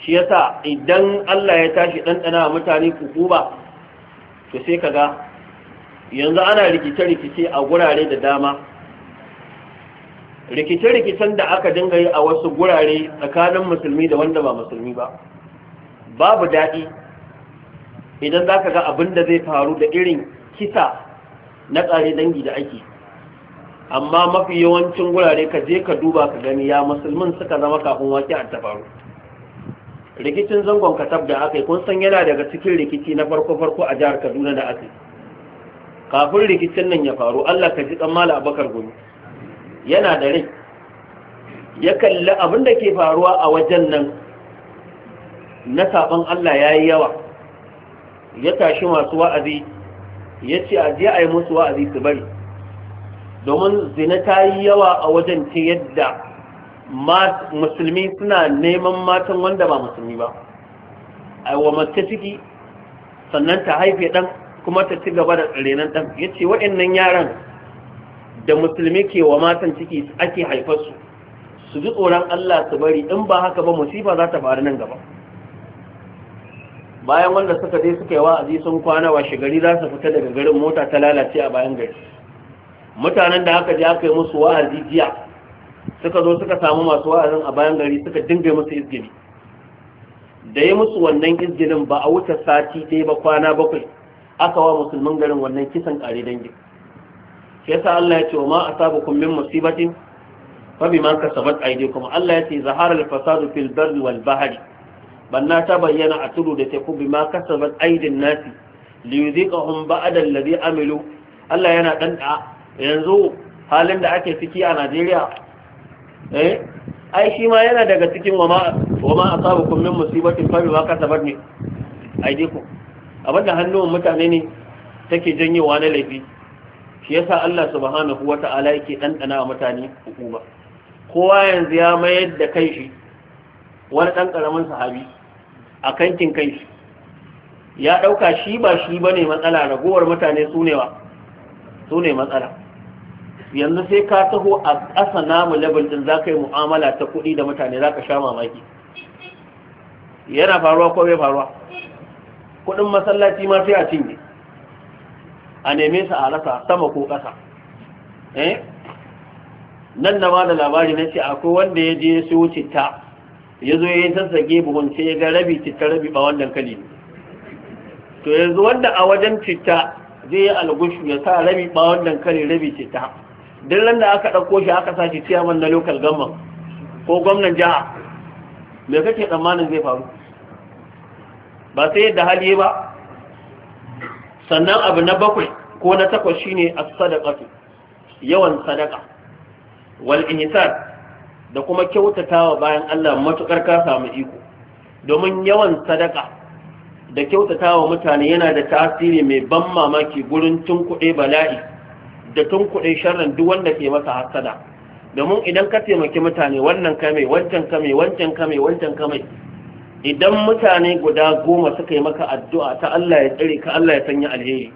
shi yasa idan Allah ya tashi ɗanɗana a mutane kukuba to sai ka ga yanzu ana rikice-rikice a gurare da dama rikice-rikicen da aka dinga yi a wasu gurare tsakanin musulmi da wanda ba musulmi ba babu daɗi idan za ka ga abin da zai faru da irin kisa na tsare dangi da ake amma mafi yawancin gurare ka je ka duba ka gani ya musulmin suka zama kafin wake a ta faru rikicin zangon katab da aka yi kun san yana daga cikin rikici na farko-farko a jihar kaduna da aka yi kafin rikicin nan ya faru allah ka ji kan abakar gumi yana da rai ya kalli abin da ke faruwa a wajen nan na saɓon Allah ya yi yawa ya tashi masu wa'azi ya ce a je a yi musu wa'azi su bari domin zina ta yi yawa a wajen ta yadda musulmi suna neman matan wanda ba musulmi ba a wa mace ciki sannan ta haife ɗan kuma ta ci gaba da tsirrenan ɗan ya ce waɗannan yaran da musulmi ke wa matan ciki ake haifar su su ji tsoron Allah su bari in ba haka ba musifa za ta faru nan gaba bayan wanda suka dai suka yi wa'azi sun kwana wa shigari za su fita daga garin mota ta lalace a bayan gari mutanen da aka je aka yi musu wa'azi jiya suka zo suka samu masu wa'azin a bayan gari suka dinga musu izgini da ya musu wannan izginin ba a wuce sati ɗaya ba kwana bakwai aka wa musulmin garin wannan kisan ƙare dangin shi yasa Allah ya ce ma asabukum min musibatin fa bima kasabat aydikum Allah ya ce zahara al-fasadu fil barri wal bahri banna ta bayyana a tudu da teku bima kasabat aydin nasi li yuziqahum ba'da alladhi amilu Allah yana dan yanzu halin da ake ciki a Najeriya eh ai shi ma yana daga cikin wama wama asabukum min musibatin fa bima kasabat ne aydikum abinda hannun mutane ne take janyewa na laifi shi yasa Allah subhanahu wata'ala yake dandana mutane hukuma kowa yanzu ya mayar da kanshi wani ɗan karamin sahabi a kankin kanshi ya dauka shi ba shi bane matsala ragowar mutane su ne matsala yanzu sai ka taho a ƙasa namu level din zaka yi mu'amala ta kuɗi da mutane zaka sha mamaki yana faruwa ko bai faruwa kuɗin masallaci ma sai a cinye a neme su a rasa sama ko ƙasa eh? nan na ba da labari na ce akwai wanda ya je su wuce ya zo ya yi sassage buhunce ya ga rabi citta rabi ba wannan kali to yanzu wanda a wajen citta zai yi algushu ya sa rabi ba wannan kali rabi citta duk nan da aka ɗauko shi aka sashi ciyaman na lokal gamman ko gwamnan jiha me kake tsammanin zai faru ba sai yadda hali ba sannan abu na bakwai ko na takwas shi shine a sadaqatu yawan sadaka wal da kuma kyautatawa bayan Allah matuƙar ka samu iko domin yawan sadaka da kyautatawa mutane yana da tasiri mai ban mamaki gurin tunkuɗe bala'i da tunkuɗe sharrin duk wanda ke masa hasada domin idan ka taimaki mutane wannan kame wancan kame wancan kame wancan kame idan mutane guda goma suka yi maka addu'a ta Allah ya tsare ka Allah ya sanya alheri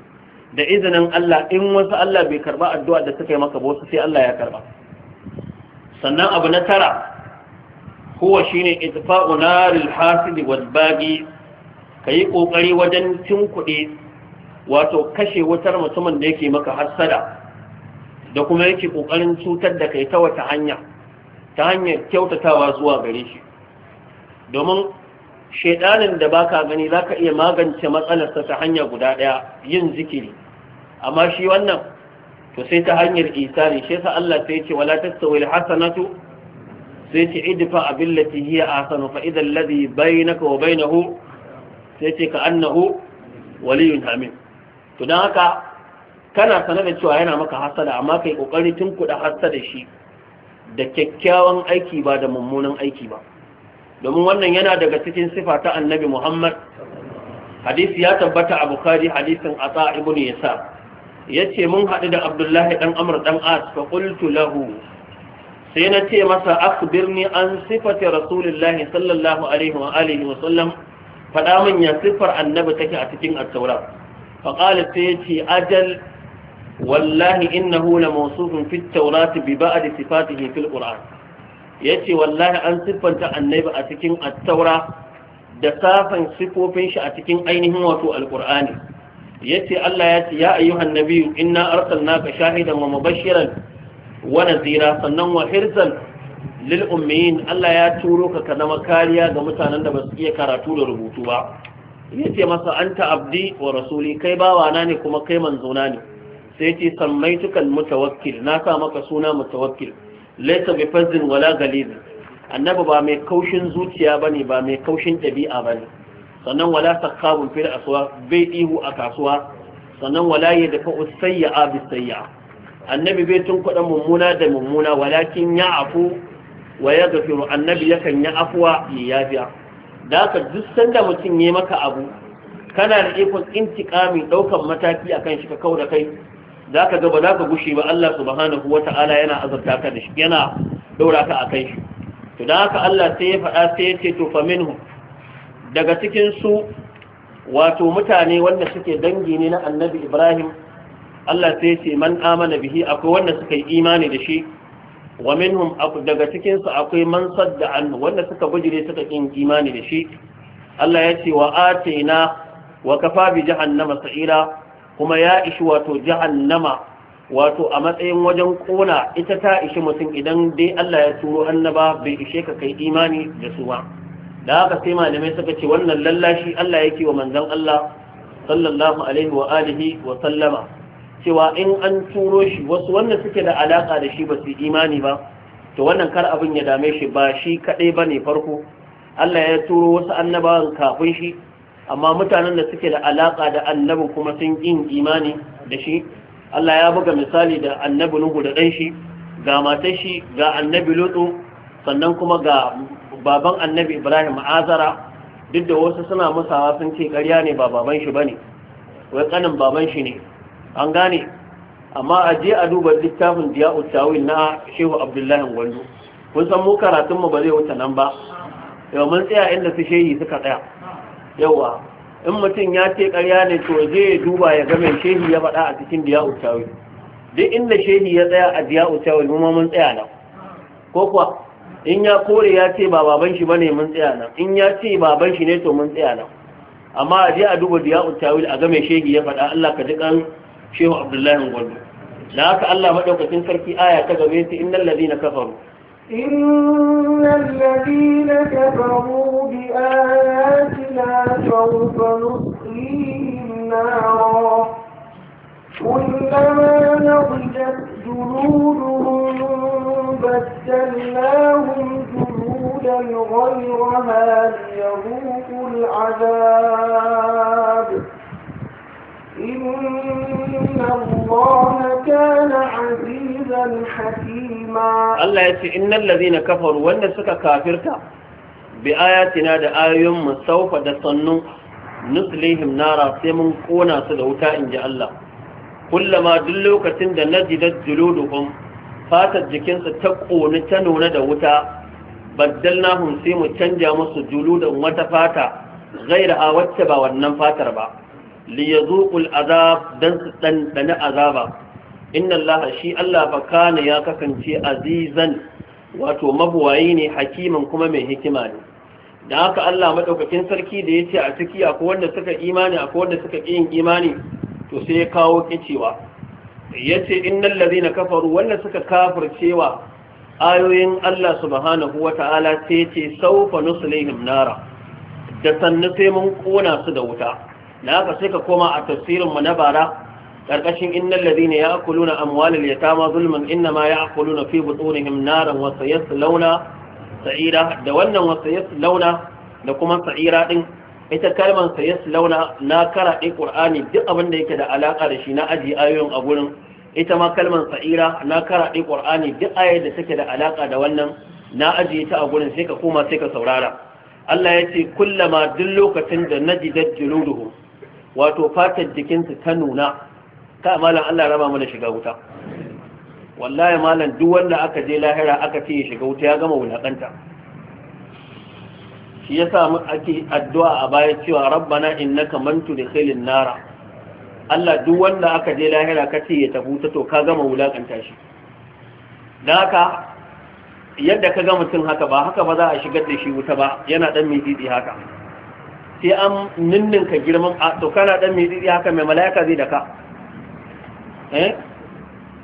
da izinin Allah in wasu Allah bai karba addu'a da suka yi maka ba sai Allah ya karba sannan abu na tara huwa shine itfa'u naril hasid wal bagi kayi kokari wajen cin kuɗi, wato kashe wutar mutumin da yake maka hassada da kuma yake kokarin cutar da kai ta wata hanya ta hanyar kyautatawa zuwa gare shi domin shedanin da baka gani zaka iya magance matsalarsa ta hanya guda daya yin zikiri amma shi wannan to sai ta hanyar isari shi yasa Allah sai ya ce wala tastawil hasanatu sai ce idfa abillati hiya ahsanu fa idha alladhi bainaka wa bainahu sai ce ka annahu waliyun hamim to dan haka kana sanar da cewa yana maka hasada amma kai kokari tun da hasada shi da kyakkyawan aiki ba da mummunan aiki ba domin wannan yana daga cikin sifa ta annabi Muhammad hadisi ya tabbata a Bukhari hadisin Ata ibn Yasa yace mun haɗu da Abdullahi dan Amr dan As fa qultu lahu sai na ce masa akhbirni an sifati rasulillahi sallallahu alaihi wa alihi wa sallam faɗa min ya sifar annabi take a cikin at-taura fa qala sai yace ajal wallahi innahu la mawsufun fi at-taurati bi ba'd sifatihi fil qur'an ya ce wallahi an siffanta annabi a cikin attaura da safan siffofin shi a cikin ainihin wato alkur'ani ya ce Allah ya ce ya ayyuhan nabiyu inna ka shahidan wa mubashiran wa nazira sannan wa hirzan lil ummiyin Allah ya turo ka ka zama kariya ga mutanen da ba su iya karatu da rubutu ba Ya ce masa an abdi wa rasuli kai bawana ne kuma kai manzona ne sai ce, yace sammaitukan mutawakkil na sa maka suna mutawakkil laisa bi fazin wala galiz annabi ba mai kaushin zuciya ba ne, ba mai kaushin ɗabi'a ba ne. sannan wala fi fil asuwa bai ihu a kasuwa sannan wala yadfa'u sayya'a bis sayya'a annabi bai tun kuɗa mummuna da mummuna walakin ya afu wa ya gafiru annabi yakan ya afuwa ya yafiya da haka duk sanda mutum ya yi maka abu kana da ikon intikami ɗaukar mataki akan shi ka kau da kai za ka gaba za ka gushe ba Allah subhanahu wa ta'ala yana azurta ka da shi yana ɗora ka a kai shi to da haka Allah sai ya faɗa sai ya ce to fa daga cikin su wato mutane wanda suke dangi ne na annabi Ibrahim Allah sai ya ce man amana bihi akwai wanda suka yi imani da shi wa minhum daga cikin su akwai man sadda an wanda suka bijire suka yin imani da shi Allah ya ce wa atina wa kafa bi jahannama sa'ira kuma ya ishi wato jahannama wato a matsayin wajen kona ita ta ishi mutum idan dai Allah ya turo annaba bai ishe ka kai imani da su ba da haka sai malamai suka ce wannan lallashi Allah yake wa manzon Allah sallallahu alaihi wa alihi wa sallama cewa in an turo shi wasu wanda suke da alaka da shi ba su imani ba to wannan kar abin ya dame shi ba shi kadai bane farko Allah ya turo wasu annabawan kafin shi amma mutanen da suke da alaka da annabi kuma sun yin imani da shi Allah ya buga misali da annabi Nuhu da ɗan ga matar shi ga annabi Lutu sannan kuma ga baban annabi Ibrahim Azara duk da wasu suna musawa sun ce ƙarya ne ba baban shi bane wai kanin baban shi ne an gane amma a je a duba littafin Diya'ut Tawil na Shehu Abdullahi Gwandu kun san mu karatun mu ba zai wuce nan ba yau mun tsaya inda su shehi suka tsaya yawa in mutum ya ce ƙarya ne to zai duba ya ga mai shehi ya faɗa a cikin diya ucawi duk inda shehi ya tsaya a diya ucawi mu mun tsaya nan ko kuwa in ya kore ya ce ba baban shi bane mun tsaya nan in ya ce baban shi ne to mun tsaya nan amma a je a duba diya ucawi a ga mai shehi ya faɗa Allah ka dukan shehu Abdullahi Gwandu da haka Allah madaukakin sarki aya ta gabe ta innal ladina kafaru إن الذين كفروا بآياتنا سوف نصليهم نارا كلما نضجت جلودهم بدلناهم جلودا غيرها ليذوقوا العذاب Allah ya ce, in Innan lalina kafar wanda suka kafirta, bi ayatina da ayoyin musaufa da sannu nuslihim nara sai mun kona su da wuta in ji Allah. Kullama duk lokacin da na jidar jiludukun fatar jikinsu ta ƙoni ta nuna da wuta, baddal na hunsi mu canza musu juludun wata fata, gaira a wacce ba wannan fatar ba. liyazuqul azab dan su ɗanɗana azaba inna allaha shi allah fa kana ya kasance azizan wato mabuwayi ne hakiman kuma mai hikima ne da haka allah madaukakin sarki da yace a ciki akwai wanda suka imani akwai wanda suka yin imani to sai ya kawo kicewa yace innal ladina kafaru wanda suka kafircewa ayoyin allah subhanahu wataala sai yace saufa nuslihim nara da sannu sai mun kona su da wuta da haka sai ka koma a tafsirin na bara Ƙarƙashin ya karkashin innal ladina zulmin inna ma ya innama na fi butunihim naran wa launa sa'ira da wannan wa launa da kuma sa'ira ɗin, ita kalman kalmar launa na karaɗe qur'ani duk abin da yake da alaƙa da shi na aji ayoyin a gurin ita ma kalman sa'ira na karaɗe qur'ani duk ayar da take da alaƙa da wannan na ajiye ta a gurin sai ka koma sai ka saurara Allah ya ce kullama duk lokacin da najidar juluduhum wato fatar jikinsu ta nuna ka malam Allah raba mana shiga wuta wallahi malam duk wanda aka je lahira aka ce ya shiga wuta ya gama wulakanta shi yasa mu ake addu'a a baya cewa rabbana innaka man tudkhilin nara Allah duk wanda aka je lahira ka ce ya tafi wuta to ka gama wulakanta shi dan haka yadda ka ga mutum haka ba haka ba za a shigar da shi wuta ba yana dan mizidi haka sai an ninninka girman a to kana dan mai didi haka mai mala'ika zai daka eh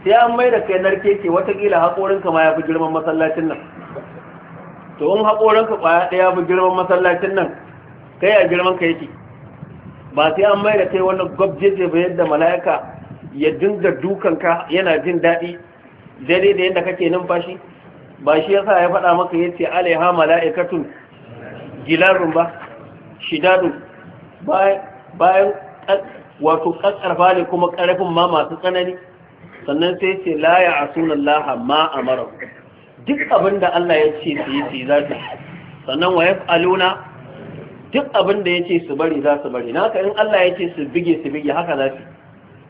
sai an mai da kai narke ke watakila ka ma ya fi girman masallacin nan to in ka kwaya ya fi girman masallacin nan kai a girman ka yake ba sai an mai da kai wani gwabjeje ba yadda mala'ika ya dinga dukanka yana jin daɗi daidai da yadda kake numfashi ba shi yasa ya faɗa maka yace alaiha mala'ikatun gilarun ba shidadu bayan wato kakkarfa ne kuma karfin ma masu tsanani sannan sai ce la ya Laha ma amara duk abin da Allah ya ce su yi su za su sannan wa aluna duk abin da ya ce su bari za su bari naka in Allah ya ce su bige su bige haka za su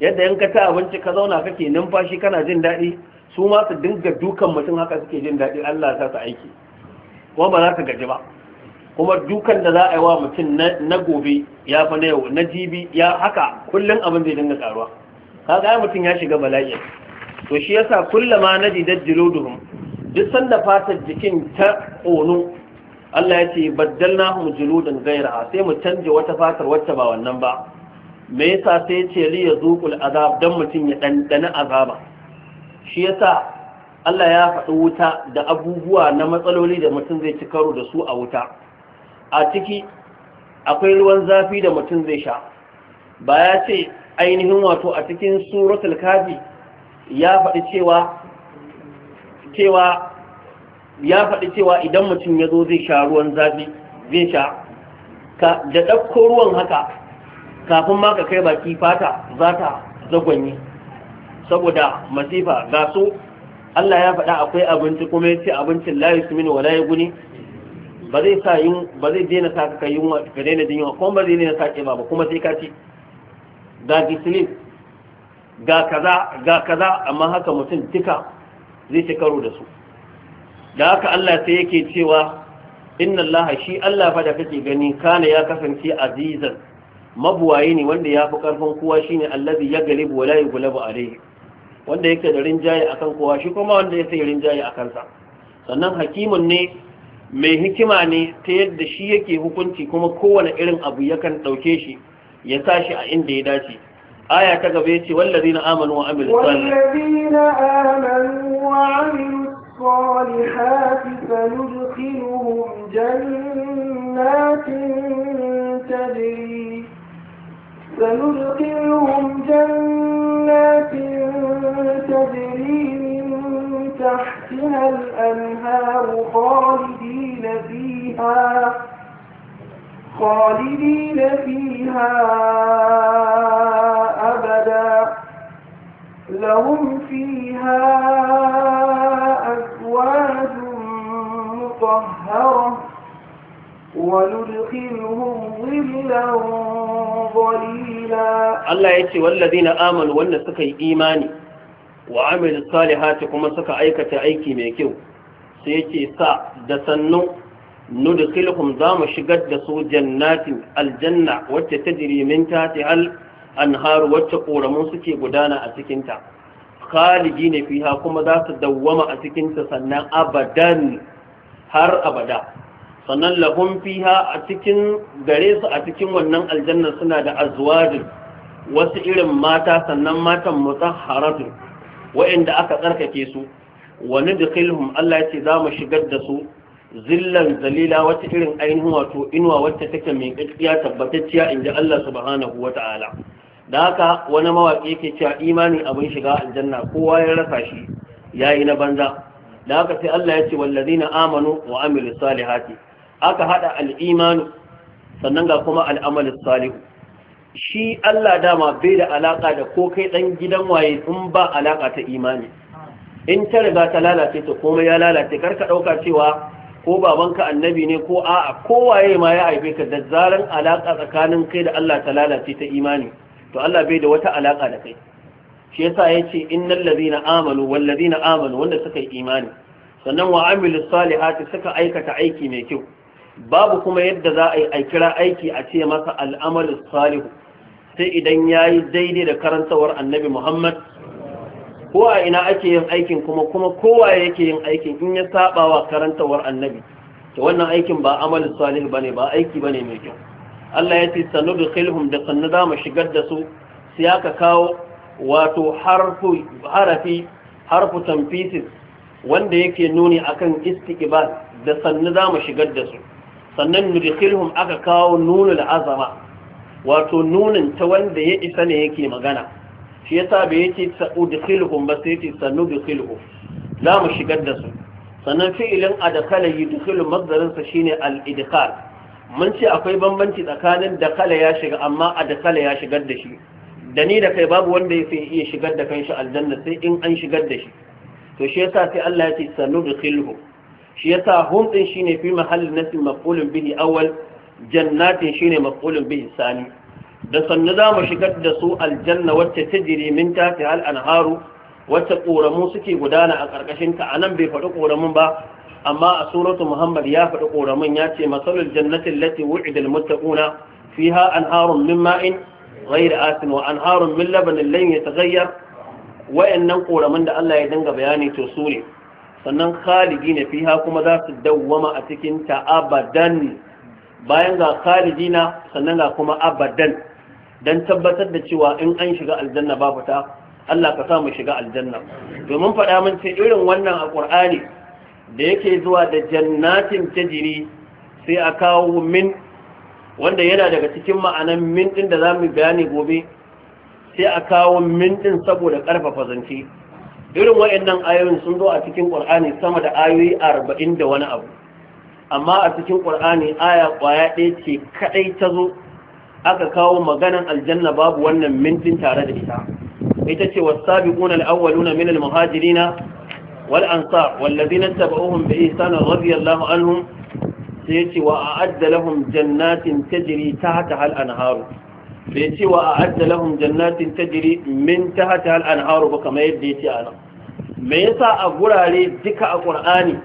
yadda in ka ta abinci ka zauna kake numfashi kana jin daɗi su ma su dinga dukan mutum haka suke jin daɗi Allah ya sa su aiki kuma ba za su gaji ba kuma dukan da za a yi wa mutum na gobe ya fa na yau na jibi ya haka kullum abin zai dinga karuwa kaga ya mutum ya shiga bala'i to shi yasa kullama na jidajjilo duhum duk sanda fatar jikin ta ƙonu Allah ya ce baddalna hum juludan gairaha sai mu canje wata fatar wacce ba wannan ba me yasa sai ce li yazuqul azab dan mutum ya dandana azaba shi yasa Allah ya faɗi wuta da abubuwa na matsaloli da mutum zai ci karo da su a wuta a ciki akwai ruwan zafi da mutum zai sha ba ya ce ainihin wato a cikin suratul kafi ya faɗi cewa cewa ya faɗi cewa idan mutum ya zo zai sha ruwan zafi zai sha da ɗauko ruwan haka kafin ma ka kai baki fata za ta zagwanye saboda masifa ga su Allah ya faɗa akwai abinci kuma ya ce abincin layu su mini wala ya guni ba zai sa yin ba zai daina sa ka yunwa ka daina jin yunwa kuma ba zai daina sa ke ba kuma sai ka ci ga gisilin ga kaza ga kaza amma haka mutum tuka zai ci karo da su da haka Allah sai yake cewa inna Allah shi Allah fa da kake gani kana ya kasance azizan mabuwaye ne wanda ya fi karfin kowa shine allazi ya galibu wala yughlabu alayhi wanda yake da rinjaye akan kowa shi kuma wanda ya sai rinjaye akan sa sannan hakimun ne mai hikima ne ta yadda shi yake hukunci kuma kowane irin abu yakan ɗauke shi ya sa shi a inda ya dace aya ta gaba ya ce wallazi na amanu wa amil الصالحات تحتها الأنهار خالدين فيها خالدين فيها أبدا لهم فيها أزواج مطهرة وندخلهم ظلا ظليلا الله يتي والذين آمنوا وأن سكي إيماني wa amilu salihati kuma suka aikata aiki mai kyau sai ke sa da sannu silhum za mu shigar da su jannatin aljanna wacce ta min hal an haru wacce koramun suke gudana a cikinta ta khalidi ne fiha kuma za su dawwama a cikinta sannan abadan har abada sannan lahum fiha a cikin gare su a cikin wannan aljanna suna da azwajin wasu irin mata sannan matan mutahharatun Wa'inda aka tsarkake su wani nudkhiluhum Allah yace za mu shigar da su zillan zalila wata irin ainihin wato inuwa wacce take mai gaskiya tabbatacciya inda Allah subhanahu wata'ala da haka wani mawaƙi yake cewa imani abin shiga aljanna kowa ya rasa shi yayi na banza da haka sai Allah ya ce wallazina amanu wa amilu salihati aka hada al'imanu, sannan ga kuma al salihu shi Allah dama bai da alaka da ko kai dan gidan waye in ba alaka ta imani in ta riga ta lalace ta komai ya lalace karka ɗauka cewa ko babanka annabi ne ko a'a waye ma ya haife ka da zaran alaka tsakanin kai da Allah ta lalace ta imani to Allah bai da wata alaka da kai shi yasa yace innal ladina amanu wal ladina amanu wanda suka yi imani sannan wa amilu salihati suka aikata aiki mai kyau babu kuma yadda za a yi a kira aiki a ce masa al'amalu salihu sai idan ya yi daidai da karantawar annabi Muhammad ko a ina ake yin aikin kuma kuma kowa yake yin aikin in ya saba wa karantawar annabi to wannan aikin ba amalin salih bane ba aiki bane mai kyau Allah ya ce sanudkhilhum da sannu za mu shigar da su sai aka kawo wato harfu harafi harfu tanfisis wanda yake nuni akan istiqbal da sannu za mu shigar da su sannan nudkhilhum aka kawo nunul azama wato nunin ta wanda ya isa ne yake magana shi yasa bai yace sa'udkhilhum ba sai yace sanudkhilhum za mu shigar da su sannan fi'ilin yi yudkhilu masdarin sa shi ne al'idikar mun ce akwai bambanci tsakanin da kala ya shiga amma a kala ya shigar da shi da ni da kai babu wanda ya ya iya shigar da kanshi aljanna sai in an shigar da shi to shi yasa sai Allah ya ce sanudkhilhum shi yasa hum din ne fi mahallin nasb maf'ulun bihi awal? jannatin shine maqulun bi sani da sannu za mu shigar da su aljanna wacce ta jiri min tafi hal anharu wacce ƙoramu suke gudana a ƙarƙashin ta anan bai faɗi ƙoramun ba amma a suratu muhammad ya faɗi ƙoramun ya ce masalul jannati allati wu'ida almuttaquna fiha anharun min ma'in ghayr asin wa anharun min labanin lam yataghayyar wayannan ƙoramun da Allah ya dinga bayani to su ne sannan khalidina fiha kuma za su dawwama a cikin ta abadan bayan ga khalidina sannan ga kuma abadan dan tabbatar da cewa in an shiga aljanna babu fita Allah ka sa mu shiga aljanna domin faɗa mun ce irin wannan a da yake zuwa da jannatin tajiri sai a kawo min wanda yana daga cikin ma'anan min din da zamu bayani gobe sai a kawo min din saboda karfafa zance irin wa'annan ayoyin sun zo a cikin Qur'ani sama da ayoyi 40 da wani abu amma a cikin ƙur'ani aya ƙwaya ɗaya ce kaɗai ta zo aka kawo maganan aljanna babu wannan mintin tare da ita ita ce wasabiquna alawwaluna min almuhajirina wal ansar wallazina tabauhum bi ihsan radiyallahu anhum sai yace wa a'adda lahum jannatin sai yace wa a'adda jannatin tajri min hal al anharu ba kamar yadda yace a nan me yasa a gurare duka a ƙur'ani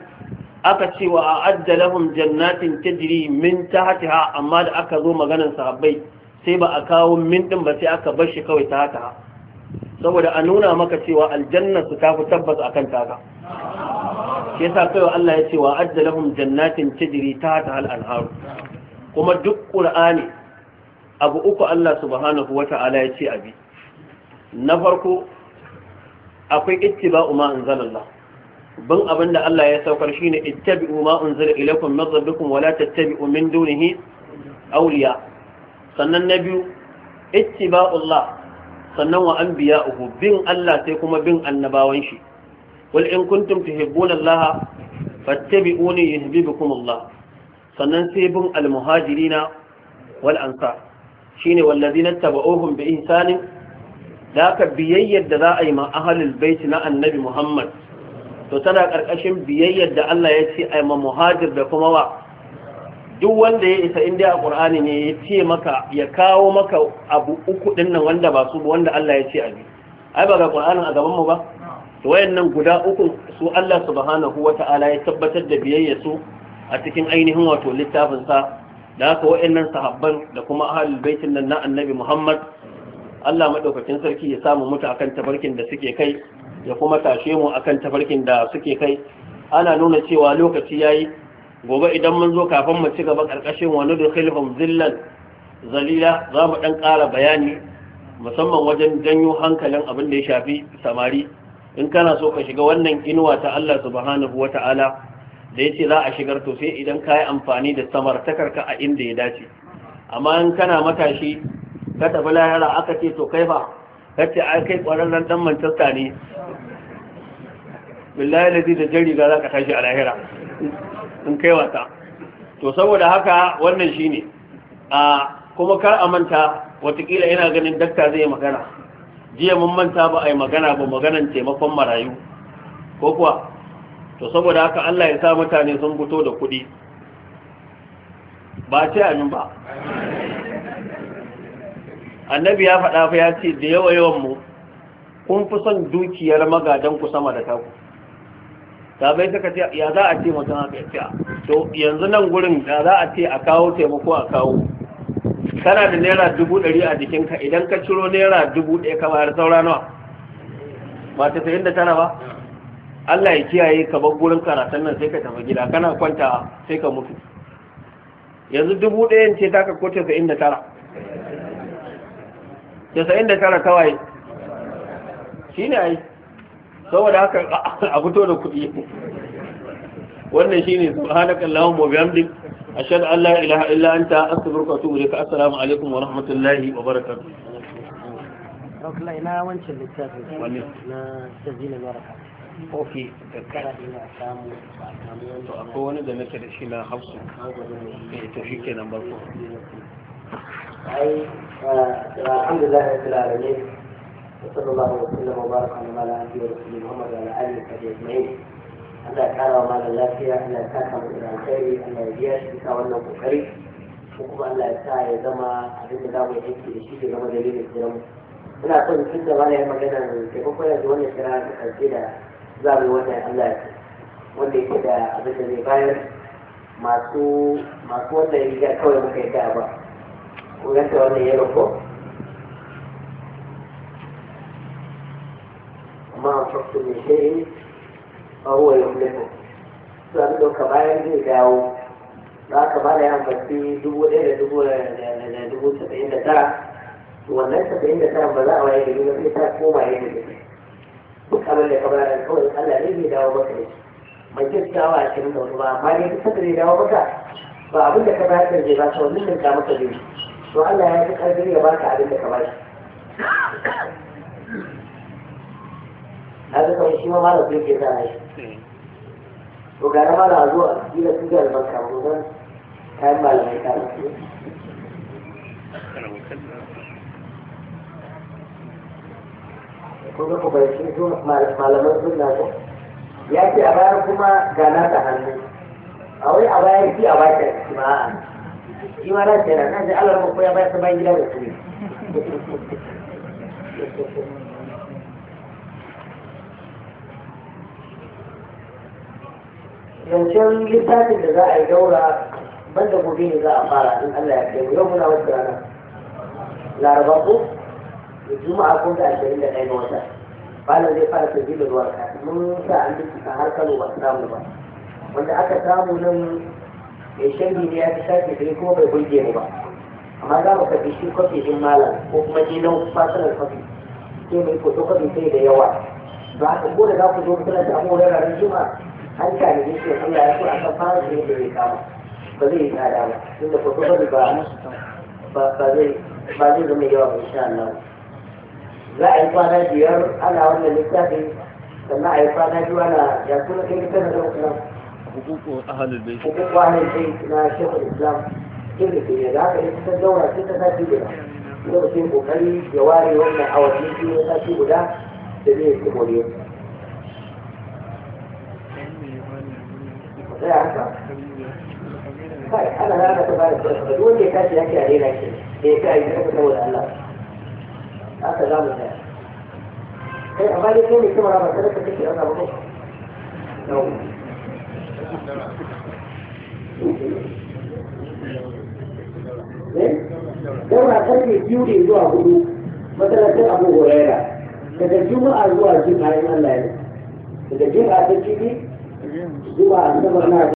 aka ce wa a'adda jannatin tajri min tahtiha amma da aka zo maganar sahabbai sai ba a kawo min din ba sai aka bar shi kawai ta haka saboda a nuna maka cewa aljanna su tafi tabbas akan taka shi yasa kaiwa Allah ya ce wa adda jannatin tajri ta al-anhar kuma duk qur'ani abu uku Allah subhanahu wata'ala ya ce abi na farko akwai ittiba'u ma anzalallah bin abin da Allah ya saukar shine ittabi'u ma unzila ilaykum min rabbikum wa la tattabi'u min dunihi awliya sannan na biyu ittiba'ullah sannan wa uku. bin Allah sai kuma bin annabawan shi wal in kuntum tuhibbuna Allah fattabi'uni yuhibbukum Allah sannan sai bin al-muhajirina wal ansar shine wallazina tabauhum bi ihsanin da ka biyayyar da za a yi ma ahlul bait na annabi Muhammad to tana ƙarƙashin biyayyar da Allah ya ce ai muhajir da kuma wa duk wanda ya isa inda a Qur'ani ne ya ce maka ya kawo maka abu uku din wanda ba su wanda Allah ya ce a bi ai ba ga Qur'anin a gaban mu ba to wayannan guda uku su Allah subhanahu wata'ala ya tabbatar da biyayya su a cikin ainihin wato littafin sa da haka wayannan sahabban da kuma ahlul baitin nan na Annabi Muhammad Allah madaukakin sarki ya samu mutu akan tabarkin da suke kai ya kuma tashe mu akan tabarkin da suke kai ana nuna cewa lokaci yayi gobe idan mun zo kafin mu ci gaba karkashin wani da dukhilhum zillan zalila za mu dan ƙara bayani musamman wajen janyo hankalin abin da ya shafi samari in kana so ka shiga wannan inuwa ta Allah subhanahu ta'ala da ya ce za a shigar to sai idan ka yi amfani da samartakarka a inda ya dace amma in kana matashi ka tafi lahira aka ce to kai ba? ka ce ai kai ƙwararren ɗan manchester ne billahi lazi da jan riga za ka tashi a lahira in kai wata to saboda haka wannan shi a kuma kar a manta watakila yana ganin dakta zai magana jiya mun manta ba a yi magana ba maganan taimakon marayu ko kuwa to saboda haka Allah ya sa mutane sun fito da kuɗi ba ce a ba annabi ya faɗa fa ya ce da yawa yawan mu kun fi son dukiyar magadan ku sama da taku bai suka ce ya za a ce mutum haka ya ce to yanzu nan gurin da za a ce a kawo taimako a kawo kana da naira dubu ɗari a jikinka idan ka ciro naira dubu ɗaya ka bayar saura nawa ba ta sayin da tana ba Allah ya kiyaye ka bar gurin karatun nan sai ka tafi gida kana kwanta sai ka mutu yanzu dubu ɗayan ce taka ko kwace sayin da tara casa'in da tara kawai shi ne ai saboda haka a fito da kuɗi wannan shi ne subhanaka allahumma wa bihamdik ashhadu an la ilaha illa anta astaghfiruka wa atubu ka assalamu alaikum wa rahmatullahi wa barakatuh Rokla ina wancan littafin na Sajila da To akwai wani da nake da shi na hafsu. Eh to shi kenan barko. أي الحمد لله رب العالمين وصلى الله وسلم وبارك على مال نبي ورسول محمد وعلى آله وصحبه أجمعين Allah ya kara wa malam lafiya Allah ya saka mu da alkhairi Allah ya biya shi ka wannan kokari ko kuma Allah ya sa ya zama abin da za mu yi aiki da shi da zama dalilin ina son da malam ya magana taimakon yanzu wannan kira ta karshe da za mu yi wannan Allah ya wanda yake da abin da zai bayar masu masu wannan riga kawai muka yi da ba ونشر نيركم وما أنفقتم من شيء فهو يملكه سألوا كبائر دي داو za ka ba da yan basi dubu ɗaya da dubu da dubu saba'in da tara wannan saba'in da tara ba za a waye gari ba sai ta koma yadda da duk abin da ka ba da kawai Allah ne bai dawo maka ne mai jin dawo a cikin da wani ba amma ne duk sanda zai dawo maka ba abin da ka ba da zai ba ka wannan da ka maka zai to Allah ya fi karfin ya baka abin da ka shi. na kawai shi ma malam zai ke zana shi to ga na malam a zuwa gida su da albarka ko zan kayan malamai kayan su ko ga ku bayyana su malaman na ko ya ce a bayan kuma ga na ta hannu a wai a bayan shi a bakin ba shi ma ran tsira nan sai Allah ko ya bayar ta bayan gida da kuma. zancen littafin da za a yi daura banda gobe ne za a fara in Allah ya kai yau muna wasu rana laraba ko da juma'a ko da ashirin da ɗaya ga wata malam zai fara sabbin da ruwa mun sa an bincika har kano ba samu ba wanda aka samu nan ya eh, sharhi ne ya fi shafi ɗaya kuma bai bulge mu ba amma za mu kafi shi kwafi ɗin malam ko kuma jilin fasilar kwafi sai mai yi foto kwafi sai da yawa ba a ko da za ku zo kuna da abubuwan ranar juma'a an tare da shi ya kula ya a kan fara da yadda zai kama ba zai yi tsada ba tunda foto kwafi ba ba zai ba zai zama yawa ba insha Allah za a yi kwana biyar ana wannan littafin sannan a yi kwana biyu ana ya kuma kai na da kuma حقوق أهل البيت حقوق أهل البيت لا شيخ الإسلام كل في ذاك يتسجل ستة تاتيبنا يرسم قليل جواري ومن حواسيتي وتاتيب له سبيل الشمولية لا أعرف طيب أنا لا أتبارك واللي يحتاج لك علينا يعني شيء يحتاج لك ولا لا هذا لا مثال طيب أبالي كم يكون على مسألة تكفي أنا بقول daura karfe biyu ne zuwa hudu masallacin abu huraira daga juma'a zuwa juma'a in allah ya daga juma'a ta cibi zuwa na